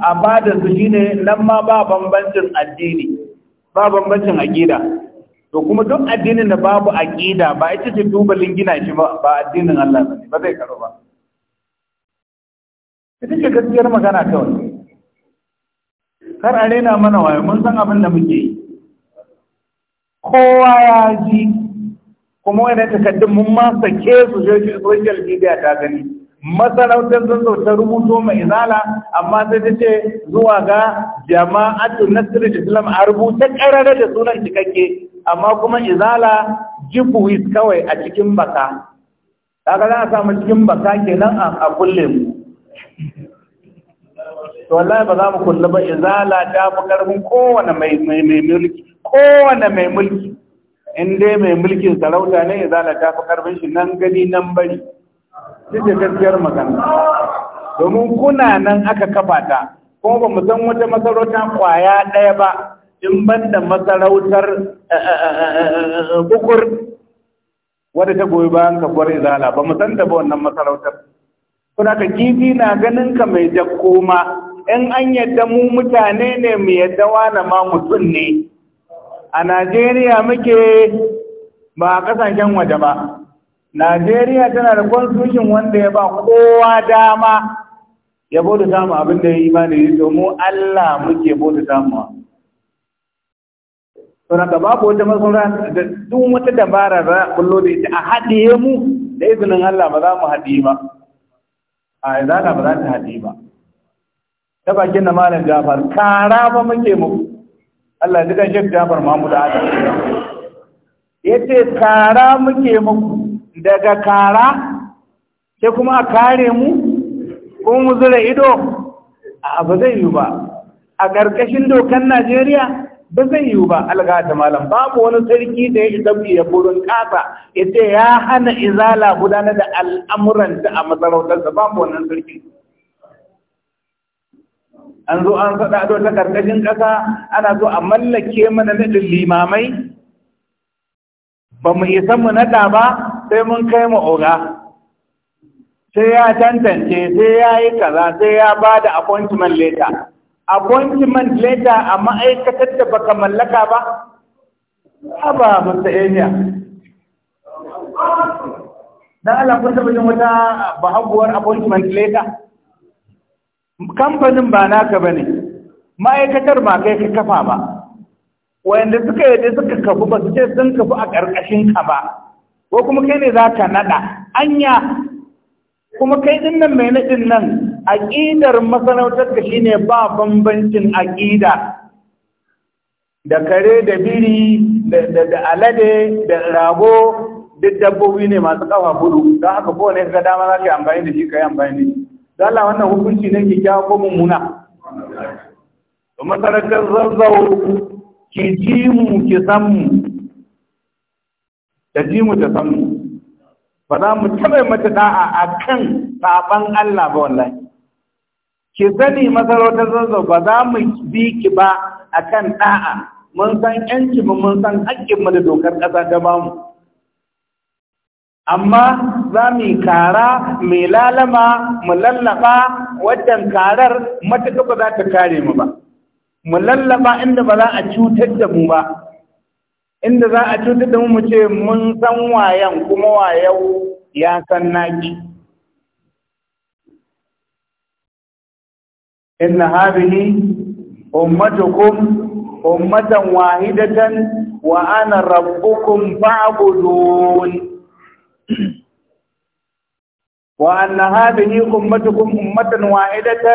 a ba da su ne nan ma ba bambancin addini ba bambancin aƙida to kuma duk addinin da babu aqida ba ita ce tubalin gina shi ba ba addinin Allah bane ba zai karo ba ita ce gaskiyar magana ta wani kar a rena mana wayo mun san abin da muke yi kowa ya ji kuma wani takaddun mun ma sake su social media ta gani masarautar zazzau ta rubuto mai izala amma sai ta ce zuwa ga jama'atu nasir islam a rubuta karara da sunan cikakke amma kuma izala jibuwis kawai a cikin baka kaga za a samu cikin baka kenan a kulle mu to wallahi ba za mu kulla ba la ta fi karbin kowane mai mai mulki kowane mai mulki in dai mai mulkin sarauta ne la ta fi karbin shi nan gani nan bari duk gaskiyar magana domin kuna nan aka kafa ta kuma ba mu san wata masarauta kwaya ɗaya ba in banda masarautar kukur eh, eh, eh, wadda ta goyi bayan kafuwar izala ba mu san ta ba wannan masarautar kuna ka kifi na ganin ka mai jakko in an yadda mu mutane ne mu yadda wane ma mutum ne a najeriya muke ba a kasashen waje ba najeriya tana da constitution wanda ya ba kowa dama ya bauta samu abin da ya yi yi domin allah muke bauta samuwa saboda babu wata masauran da duk wata dabara za a kullo da ita a haɗiye mu da izinin Allah ba za mu haɗiye ba a izala ba za ta haɗiye ba ta bakin da malam Jafar kara ba muke mu Allah duka Sheikh Jafar Mahmud Adam yace kara muke mu daga kara sai kuma a kare mu ko mu zura ido a ba zai yi ba a ƙarƙashin dokan Najeriya ba zai yiwu ba alga da malam babu wani sarki da ya isa ya burin kasa ya ce ya hana izala gudanar da al'amuranta a masarautarsa babu wannan sarki an zo an faɗa ado ta ƙarƙashin ƙasa ana zo a mallake mana naɗin limamai ba mu isa mu naɗa ba sai mun kai mu oga sai ya tantance sai ya yi kaza sai ya ba da appointment letter appointment letter a ma'aikatar da baka mallaka ba haba ba area dan na kun taɓa wata bahaguwar appointment letter kamfanin ba naka ba ne ma'aikatar ba kai ka kafa ba wanda suka yadda suka kafu ba su ce sun kafu a ƙarƙashin ka ba ko kuma kai ne za ka naɗa anya kuma kai ɗin nan mai naɗin nan aƙidar masarautar ka shine ba bambancin aƙida da kare da biri da alade da rago duk dabbobi ne masu ƙafa hudu don haka kowane ka dama za ka yi amfani da shi ka yi amfani da shi Allah wannan hukunci ne ke kyawa ko mummuna to masarautar zazzau ki ji mu ki san mu ta ji mu ta san ba za mu taɓa mata da'a a kan sabon Allah ba wallahi ki sani masarautar zazzau ba za mu bi ki ba a kan da'a mun san yanci mun san haƙƙin mu da dokar ƙasa ta bamu amma za mu yi kara mai lalama mu lallaba wajen karar matuƙa ba za ta kare mu ba mu lallaba inda ba za a cutar da mu ba inda za a cutar da mu mu ce mun san wayan kuma wayau ya san naki inna hadhihi ummatukum ummatan wahidatan wa ana rabbukum fa'budun وأن هذه أمتكم أمة واحدة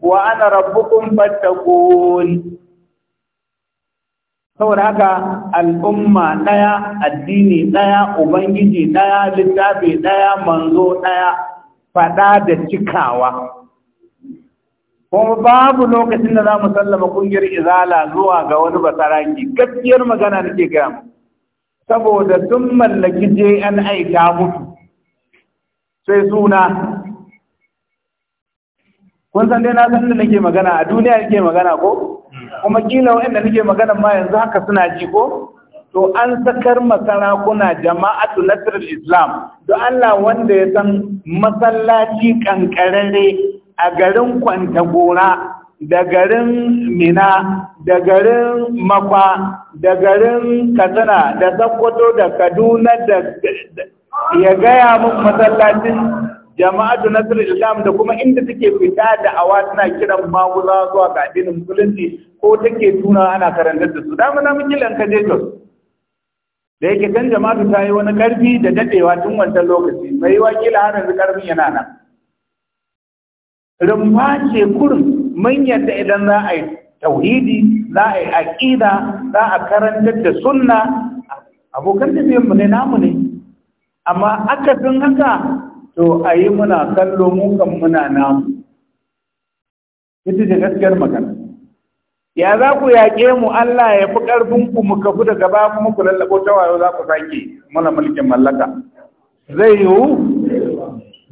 وأنا ربكم فاتقون saboda haka al'umma ɗaya addini ɗaya ubangiji ɗaya littafi ɗaya manzo ɗaya faɗa da cikawa kuma babu lokacin da za mu sallama ƙungiyar izala zuwa ga wani basaraki gaskiyar magana nake gaya mu saboda sun mallaki je an aika mutu sai suna kun san dai na san da nake magana a duniya nake magana ko kuma kila waɗanda nake magana ma yanzu haka suna ji ko to an sakar masarakuna jama'atu nasrul islam da Allah wanda ya san masallaci kankarare a garin kwanta gora da garin mina da garin makwa da garin katsina da sakkwato da kaduna da ya gaya mun masallacin jama'atu sirri islam da kuma inda take fita da awa suna kiran maguza zuwa ga addinin musulunci ko take tuna ana karantar da su dama na miki lanka jesus da yake kan jama'atu ta yi wani karfi da dadewa tun wancan lokaci mai wakila har yanzu karfin yana nan rumfa ce kurin mun yadda idan za a yi tauhidi za a yi aƙida za a karantar da sunna abokan mu ne namu ne amma aka fin haka to a yi muna kallo kan muna namu ita da gaskiyar magana ya za ku yaƙe mu Allah ya fi ƙarfinku mu kafu daga ba kuma ku lallaɓo ta wayo za ku sake muna mulkin mallaka zai yiwu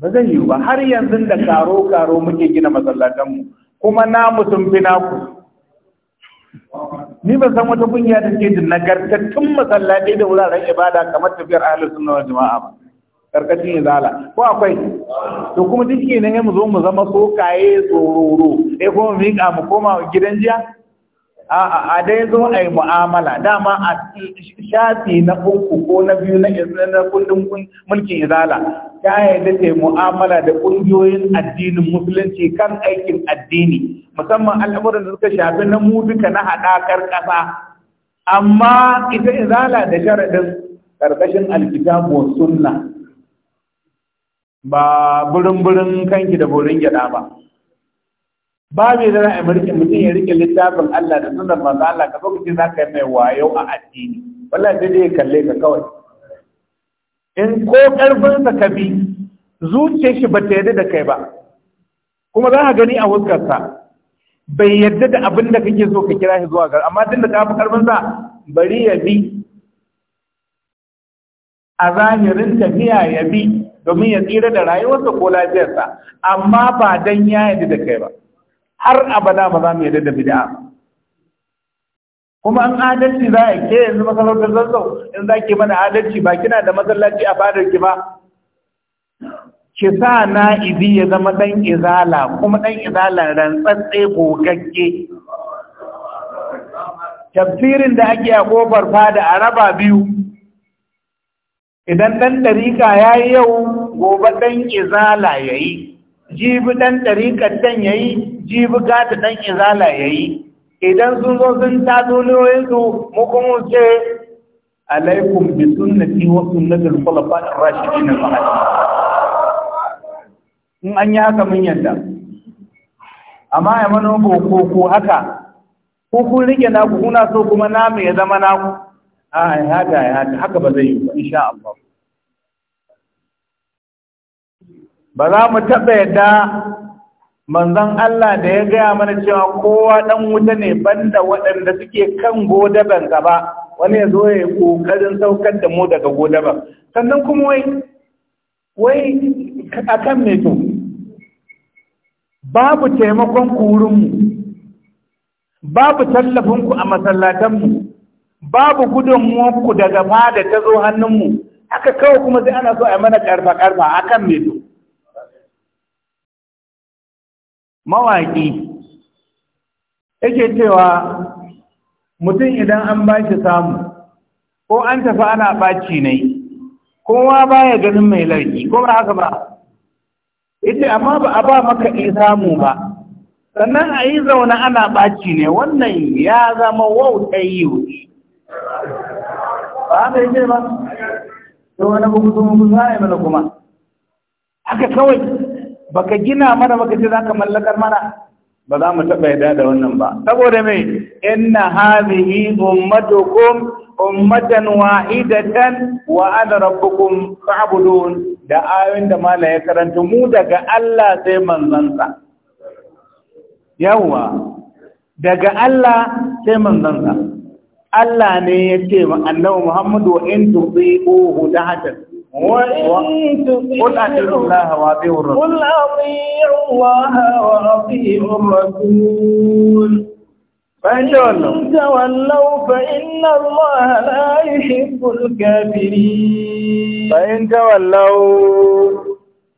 ba zai yiwu ba har yanzu da karo karo muke gina masallatanmu kuma na sun fi ku. ni ba san wata kungiya da ke da nagartattun masallatai da wuraren ibada kamar tafiyar ahlus sunna wal jama'a ba karkashin izala ko akwai to kuma duk ne mu zo mu zama sokaye tsororo E, kuma mu miƙa mu koma gidan jiya a a dai zo a yi mu'amala dama a shafi na uku ko na biyu na kundin mulkin izala ta yadda ta mu'amala da ƙungiyoyin addinin musulunci kan aikin addini musamman al'amuran da suka shafi na mu duka na haɗakar ƙasa amma ita izala da sharaɗin ƙarƙashin alkitabu sunna ba burin-burin kanki da burin gyaɗa ba ba mai zana a mulki mutum ya rike littafin Allah da sunan manzo Allah ka zo za ka yi mai wayo a addini wallahi sai dai kalle ka kawai in ko karfin ka bi zuciyar shi ba ta yarda da kai ba kuma za ka gani a huskarsa bai yarda da abin da kake so ka kira shi zuwa gar amma tun da ka fi karfin bari ya bi a zahirin tafiya ya bi domin ya tsira da rayuwarsa ko lafiyarsa amma ba dan ya yarda da kai ba har abada ba za mu yarda da bid'a kuma an adalci za a ke yanzu masarautar zazzau in za ki mana adalci ba kina da masallaci a fadar ki ba ki sa na'ibi ya zama ɗan izala kuma ɗan izala rantsatse gogagge tafsirin da ake a kofar fada a raba biyu idan ɗan ɗarika ya yi yau gobe ɗan izala ya yi jibi ɗan ɗariƙar ɗan ya yi jibi gata ɗan izala ya yi idan sun zo sun tazo liyoyinsu mukumu ce alaikum bi sunnati wa sunnatul khulafa ar-rashidin al-mahdi in an yi haka mun yadda amma ya mano ko ko ko haka ko kun rike naku kuna so kuma namu ya zama naku a haka haka haka ba zai yi ba insha Allah ba za mu taɓa yadda manzon Allah da ya gaya mana cewa kowa ɗan wuta ne banda waɗanda suke kan godaban gaba wani ya zo ya yi ƙoƙarin saukar da mu daga godaban sannan kuma wai wai a kan meto babu taimakon kurinmu babu tallafinku a masallatanmu babu gudunmuwanku daga da ta zo hannunmu haka kawai kuma sai ana so a mana ƙarfa-ƙarfa a kan meto mawaƙi yake cewa mutum idan an ba shi samu ko an tafi ana ɓaci ne kowa baya ganin mai larki ko ba haka ba ita amma ba a ba maka samu ba sannan a yi zaune ana ɓaci ne wannan ya zama wautai yi wuce ba haka yake ba ta wani bukutu bukutu za a yi mana kuma haka kawai baka gina mana baka ce zaka mallakar mana ba za mu taɓa yarda da wannan ba saboda mai inna hadhihi ummatukum ummatan wahidatan wa ana rabbukum fa'budun da ayoyin da mala ya karanta mu daga Allah sai manzansa yawa daga Allah sai manzansa Allah ne ya ce wa annabi Muhammadu wa in da dahatan قل أطيعوا الله وأطيعوا الرسول قل أطيعوا الله وأطيعوا الرسول فإن تولوا فإن الله لا يحب الكافرين فإن تولوا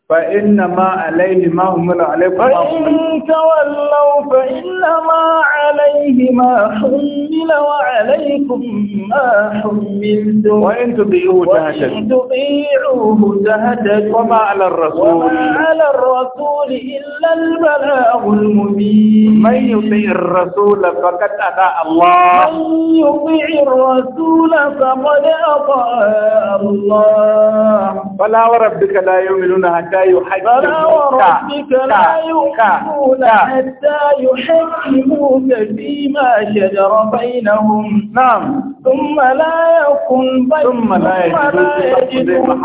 فإنما عليه ما حمل عليكم فإن تولوا فإنما عليه ما حمل وعليكم ما حملتم وإن تطيعوه تهتدوا وإن تطيعوه تهتدوا وما على الرسول وما على الرسول إلا البلاغ المبين من يطيع الرسول فقد أطاع الله من يطيع الرسول فقد أطاع الله فلا وربك لا يؤمنون حتى لا يحكموك لا يؤمنون حتى يحكموك فيما شجر بينهم نعم ثم لا يكن ثم لا يجدون أنفسهم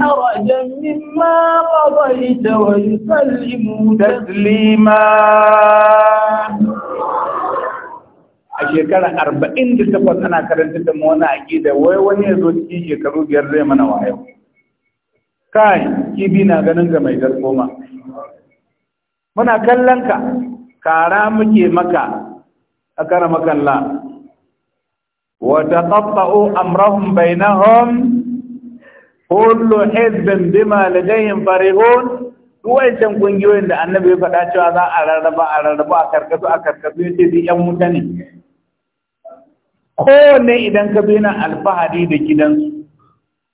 حرجا مما قضيت ويسلموا تسليما shekara arba'in da takwas ana karanta da mu wani aƙida wai wani ya zo cikin shekaru biyar zai mana wayo kai kibi na ganin ga mai garkoma muna kallon ka kara muke maka a kara makalla wa taqatta'u amrahum bainahum kullu hizbin bima ladayhim farihun can kungiyoyin da annabi ya faɗa cewa za a rarraba a rarraba a karkasu a karkasu ya ce yan mutane kowanne idan ka bi na alfahari da gidansu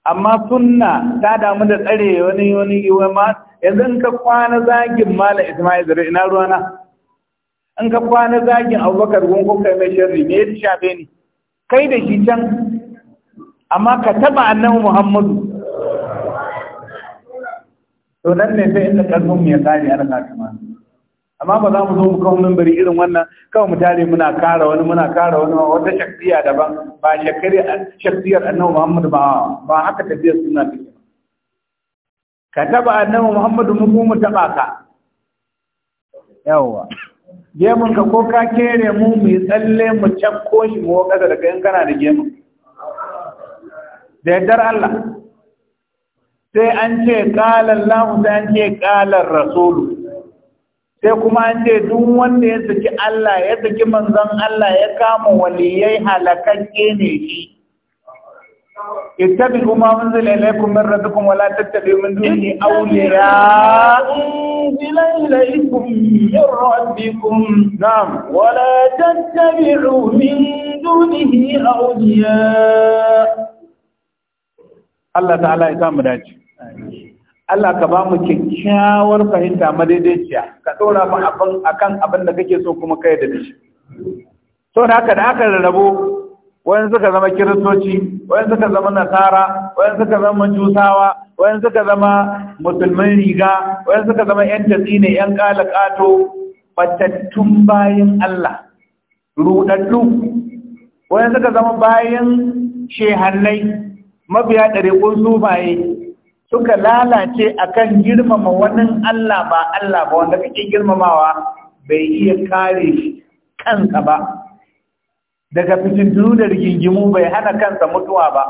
amma sunna ta damu da tsare wani wani ma yanzu in ka kwana zagin mala ismail zare ina ruwana in ka kwana zagin abubakar gungun kai mai sharri ne ya shafe ni kai da shi can amma ka taba annabi muhammadu to nan ne sai inda karfin mai ya kare kasu kafin amma ba za mu zo mu kawo membari irin wannan kawai mu tare muna kara wani muna kara wani wata shakdiya daban ba shakari shaktiyar annabi Muhammad ba ba haka tafiyar suna take ka taba annabi Muhammad mu ko mu taba ka yawa gemun ka ko ka kere mu mu tsalle mu cakko shi mu kasa daga in kana da gemun da yardar Allah sai an ce qala Allah sai an ce qala rasulu sai kuma an ce duk wanda ya saki Allah ya saki manzon Allah ya kama waliyai halakakke ne shi ittabi'u ma unzila ilaykum min rabbikum wa la tattabi'u min dunihi awliya unzila ilaykum min rabbikum na'am wa la tattabi'u min dunihi awliya Allah ta'ala ya samu dace Allah ka ba mu kyakkyawar fahimta madaidaiciya ka ɗora mu akan abin da kake so kuma kai da shi sau da haka da aka rarrabo wayan suka zama kiristoci wayan suka zama nasara wayan suka zama majusawa wayan suka zama musulman riga wayan suka zama yan tatsi ne yan kalakato batattun bayan Allah rudaddu wayan suka zama bayan shehannai mabiya ɗariƙun subaye suka lalace akan girmama wani Allah ba Allah ba wanda kake girmamawa bai iya kare kansa ba daga fitintunu da rigingimu bai hana kansa mutuwa ba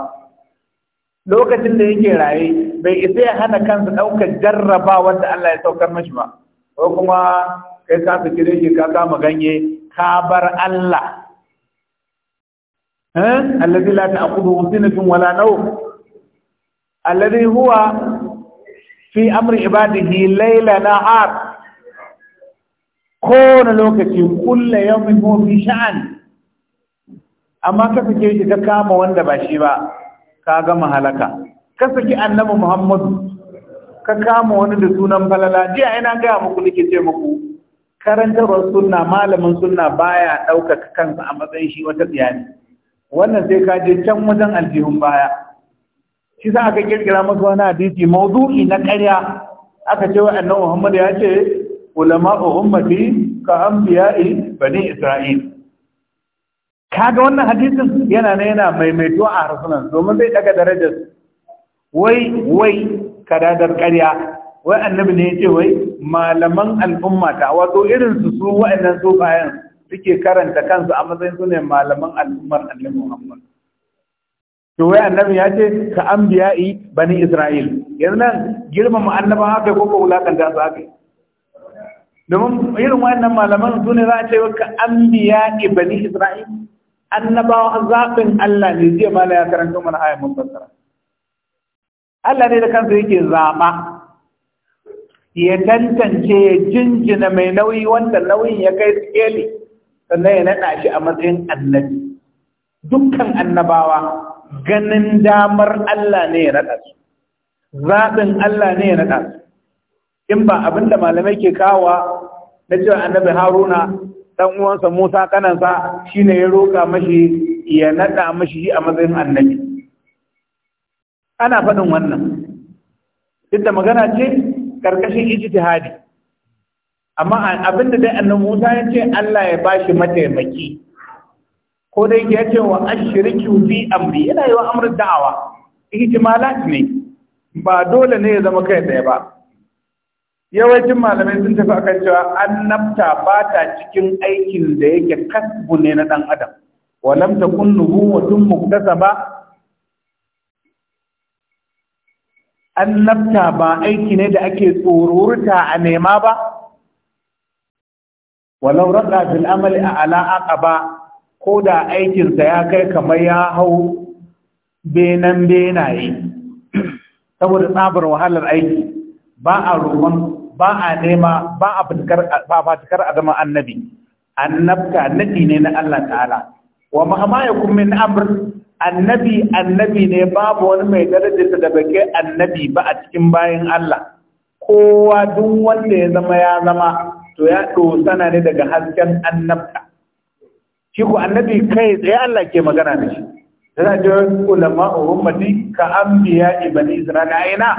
lokacin da yake raye bai isa ya hana kansa ɗaukar jarraba wanda Allah ya saukar mashi ba ko kuma kai ka kire shi ka kama ganye ka bar Allah eh allazi la ta'khudhu sinatun wala nau alladhi huwa fi amri ibadihi layla nahar kowane lokaci kulla yawmin huwa fi sha'an amma ka sake shi ka kama wanda ba shi ba ka gama halaka ka saki annabi muhammadu ka kama wani da sunan falala jiya ina gaya muku nake ce muku karantarwar sunna malamin sunna baya ɗaukaka kansa a matsayin shi wata tsiyani wannan sai ka je can wajen aljihun baya shi za aka kirkira masu wani hadisi mawuzuri na karya aka ce wa annabi Muhammad ya ce ulama ummati ka an anbiya'i bani Isra'il kaga wannan hadisin yana na yana maimaito a harsunan domin zai daga darajar wai wai kadadar karya wai annabi ne ya ce wai malaman al'ummata, wato irin su su wa'annan sufayen suke karanta kansu a matsayin su ne malaman al'ummar annabi Muhammad to wai annabi ya ce ka anbiya'i bani isra'il yanzu nan girmama annaba haka ko ko da su haka domin irin wannan malaman su ne za a ce ka anbiya'i bani isra'il annabawa zafin Allah ne zai mala ya karanta mana haya mun fassara Allah ne da kansa yake zaba ya tantance ya jinjina mai nauyi wanda nauyin ya kai tseli sannan ya naɗa shi a matsayin annabi dukkan annabawa ganin damar Allah ne ya naɗa su zaɓin Allah ne ya naɗa su in ba abin da malamai ke kawa na cewa annabi haruna ɗan uwansa musa kanansa ne ya roƙa mashi ya naɗa mashi a matsayin annabi ana faɗin wannan duk da magana ce ƙarƙashin ijtihadi amma abin da dai annabi musa ya ce Allah ya bashi mataimaki ko dai ke ya ce wa ashriku fi amri yana yi wa amrin da'awa ihtimalat ne ba dole ne ya zama kai tsaye ba yawancin malamai sun tafi akan cewa annabta ba ta cikin aikin da yake kasbu ne na dan adam wa lam takun nubuwatun muktasaba annabta ba aiki ne da ake tsororuta a nema ba ولو rada bil amali a ala ko da aikinsa ya kai kamar ya hau benan benaye saboda tsabar wahalar aiki ba a roman ba a nema ba a fatikar adama annabi annabta nabi ne na Allah ta'ala wa mahama ya kun min amr annabi annabi ne babu wani mai darajarsa da bake annabi ba a cikin bayan Allah kowa duk wanda ya zama ya zama to ya dosana ne daga hasken annabta shi ku annabi kai tsaye Allah ke magana da shi da za a ji ulama ummati ka anbiya ibani isra'ila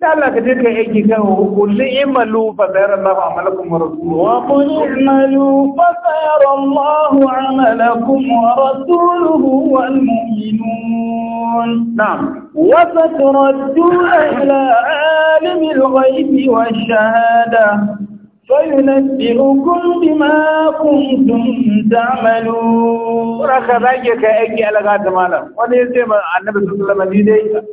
da Allah ka je ka aiki kan kulli imalu fa sayara Allahu a wa rasuluhu wa qul imalu fa sayara Allahu amalakum wa rasuluhu wal mu'minun na'am wa satraduna ila alimil ghaibi wa shahada فينبئكم بما كنتم تعملون raka zage kai aiki alaga da malam wani yace ba annabi sallallahu alaihi wasallam dai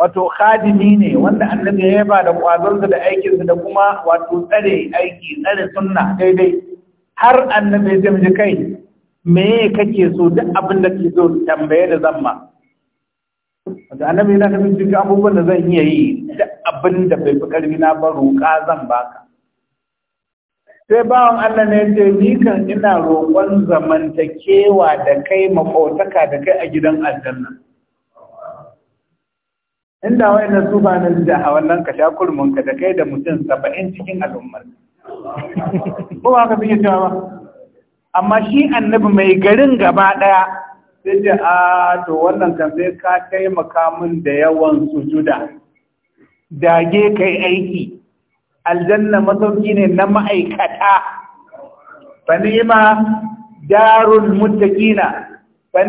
wato khadimi ne wanda annabi ya yaba da kwazonsa da aikinsa da kuma wato tsare aiki tsare sunna daidai har annabi ya ji kai me kake so duk abin da ke so tambaye da zan zamma wato annabi yana da bincike abubuwan da zan iya yi duk abin da bai fi karfi na ba roƙa zan baka sai bawan Allah ne ce ni kan ina roƙon zamantakewa da kai makotaka da kai a gidan aljanna inda wayannan su ba nan da a wannan ka sha kurmin ka da kai da mutum saba'in cikin al'ummar ko ba ka fi cewa ba amma shi annabi mai garin gaba ɗaya sai ce a to wannan kan sai ka taimaka min da yawan sujuda dage kai aiki aljanna masauki ne na ma'aikata fa ni'ma darul muttaqina fa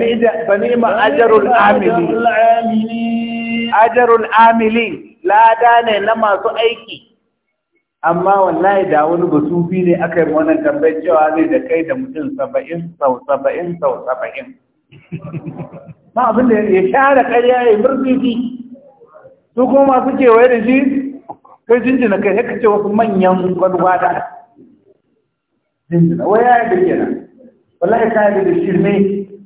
ni'ma ajrul amili ajrul amili lada ne na masu aiki amma wallahi da wani basufi ne aka yi wannan tambayar cewa zai da kai da mutum saba'in sau saba'in sau saba'in ma abin da ya share karya ya yi murfifi su kuma suke waye da shi sai jinjina kai haka ce wasu manyan da jinjina wai ya yi bayyana wallahi ka yi da shirme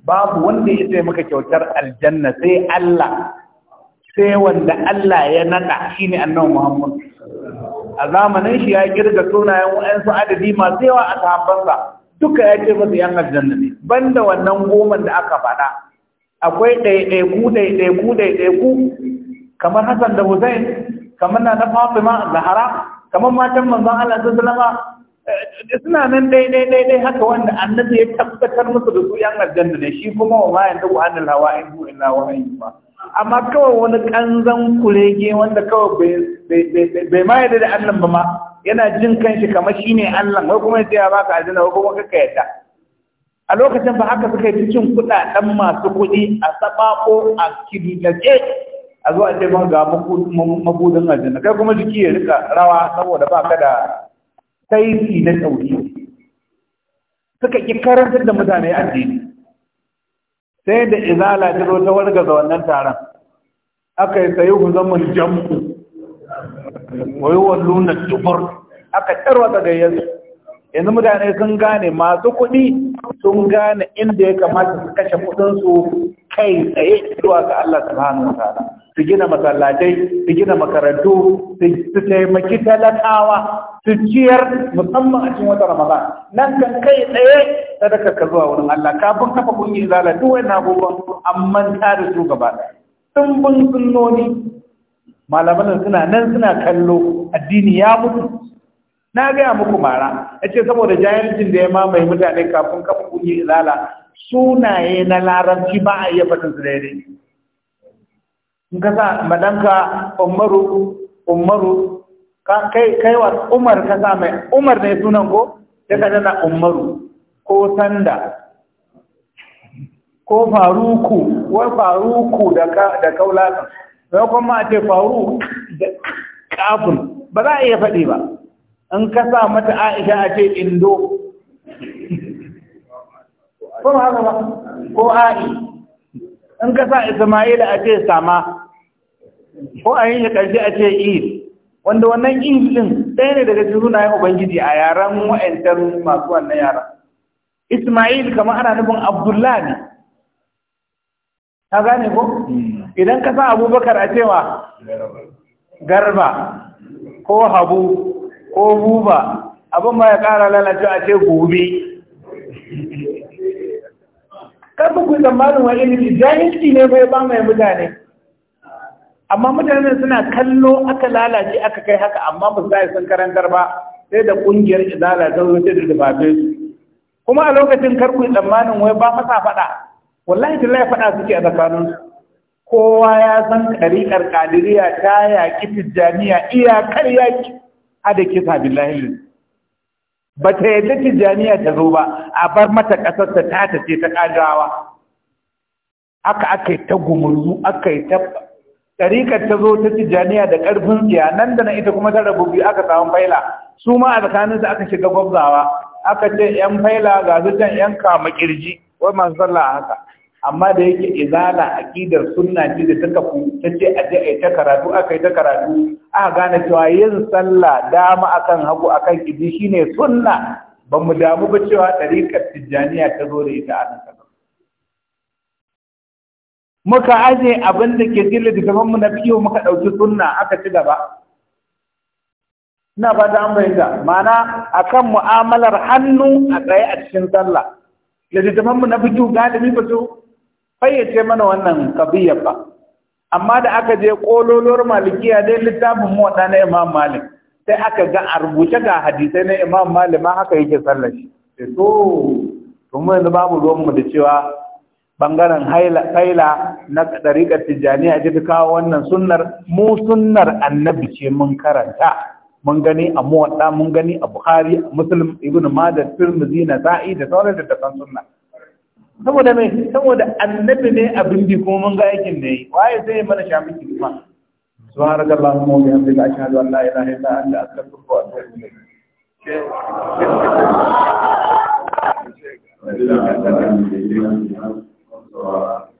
babu wanda ya sai maka kyautar aljanna sai Allah sai wanda Allah ya nada shine annabi Muhammad a zamanin shi ya kirga sunayen wa'ansu adadi masu yawa a sahabbansa duka ya ce masa yan aljanna ne banda wannan goma da aka faɗa akwai ɗaiɗaiku ɗaiɗaiku ɗaiɗaiku kamar Hassan da Hussein kamar na na a Zahara kamar matan manzon Allah sallallahu ba. Eh, suna nan dai dai dai dai haka wanda annabi ya tabbatar musu da su yan aljanna ne shi kuma wa ma da anil hawa in hu illa wa ba amma kawai wani kanzan kurege wanda kawai bai ma yarda da Allah ba ma yana jin kanshi kamar shine Allah wai kuma ya baka aljanna wai kuma kaka yadda a lokacin ba haka suka yi cikin kudaden masu kuɗi a saɓaɓo a kirilace a zuwa a ce ban ga mabudin aljanna kai kuma jiki ya rika rawa saboda ba ka da taifi na tauhidi suka ki karantar da mutane addini sai da izala ta zo ta warga wargaza wannan taron aka yi sayi huzamun jamku wai wallo na aka tarwata gayyarsu yanzu mutane sun gane masu kuɗi sun gane inda ya kamata su kashe kuɗinsu kai tsaye zuwa ga Allah subhanahu wa ta'ala su gina masallatai su gina makarantu su taimaki talakawa su ciyar musamman a cikin wata ramadan nan kan kai tsaye sadaka ka zuwa wurin Allah kafin kafa yi zala duk wani abubuwan amma ta da su gaba sun bin sunnoni malaman suna nan suna kallo addini ya mutu na gaya muku mara ya ce saboda jayancin da ya mamaye mutane kafin kafa yi zala sunaye na larabci ba a iya fatan su daidai in ka madanka umaru umaru kai kai wa umar ka sa mai umar ne sunan ko sai ka dana umaru ko sanda ko faruku wai faruku da da kaulaka sai kuma a ce faru da kafin ba za a iya faɗi ba in ka sa mata aisha a ce indo ko haka ba ko a'i in ka sa isma'ila a ce sama ko a yi shi ƙarshe a ce Is, wanda wannan Is din ɗaya ne daga cikin sunayen ubangiji a yaran wa'antar masu wannan yara. isma'il kamar ana nufin abdullahi ka gane ko hmm. idan ka sa abubakar a cewa garba ko habu ko buba abin ba ya ƙara lalace a ce gobe karfi ku tsammanin wani ilimi jahilci ne bai ba mai mutane amma mutane suna kallo aka lalace aka kai haka amma ba su sun karantar ba sai da ƙungiyar izala ta zo da dubabe su kuma a lokacin karku tsammanin wai ba fasa faɗa wallahi billahi faɗa suke a tsakaninsu kowa ya san ɗariƙar kadiriya ta yaƙi tijjaniya iyakar yaƙi a da kisa billahi ba ta yadda tijjaniya ta zo ba a bar mata ƙasar ta tace ta ƙajawa haka aka yi ta gumurzu aka yi ta ɗarikar ta zo ta tijjaniya da ƙarfin tsiya nan da na ita kuma ta rabu biyu aka samu faila su ma a tsakanin su aka shiga gwabzawa aka ce yan faila ga su can yan kama kirji wai masu sallah haka amma da yake izala aqidar sunna ce da ta kafu ta ce a je a ta karatu aka yi ta karatu aka gane cewa yin sallah dama akan hagu akan kiji shine sunna ba mu damu ba cewa ɗarikar tijjaniya ta zo da ita a nan muka aje abin da ke jin littattafan mu na fiyo muka ɗauki sunna aka ci gaba ina ba ta an bayyana ma'ana akan mu'amalar hannu a tsaye a cikin sallah littattafan mu na fiyo galibi ba su fayyace mana wannan kabiyar ba amma da aka je kololor malikiya dai littafin mu na imam malik sai aka ga a rubuce ga hadisai na imam malik ma haka yake sallar shi to kuma yanzu babu ruwanmu da cewa bangaren haila na ɗariƙar tijjani a ta kawo wannan sunnar mu sunnar annabi ce mun karanta mun gani a muwadda mun gani a a musulun ibn madar tirmidhi na sa'i da sauran da tafan sunna saboda me saboda annabi ne abin bi kuma mun ga yakin da yi waye sai mana miki kuma subhanaka allahumma wa bihamdika ashhadu an la ilaha illa anta astaghfiruka wa atubu ilayk Thank you. bahwa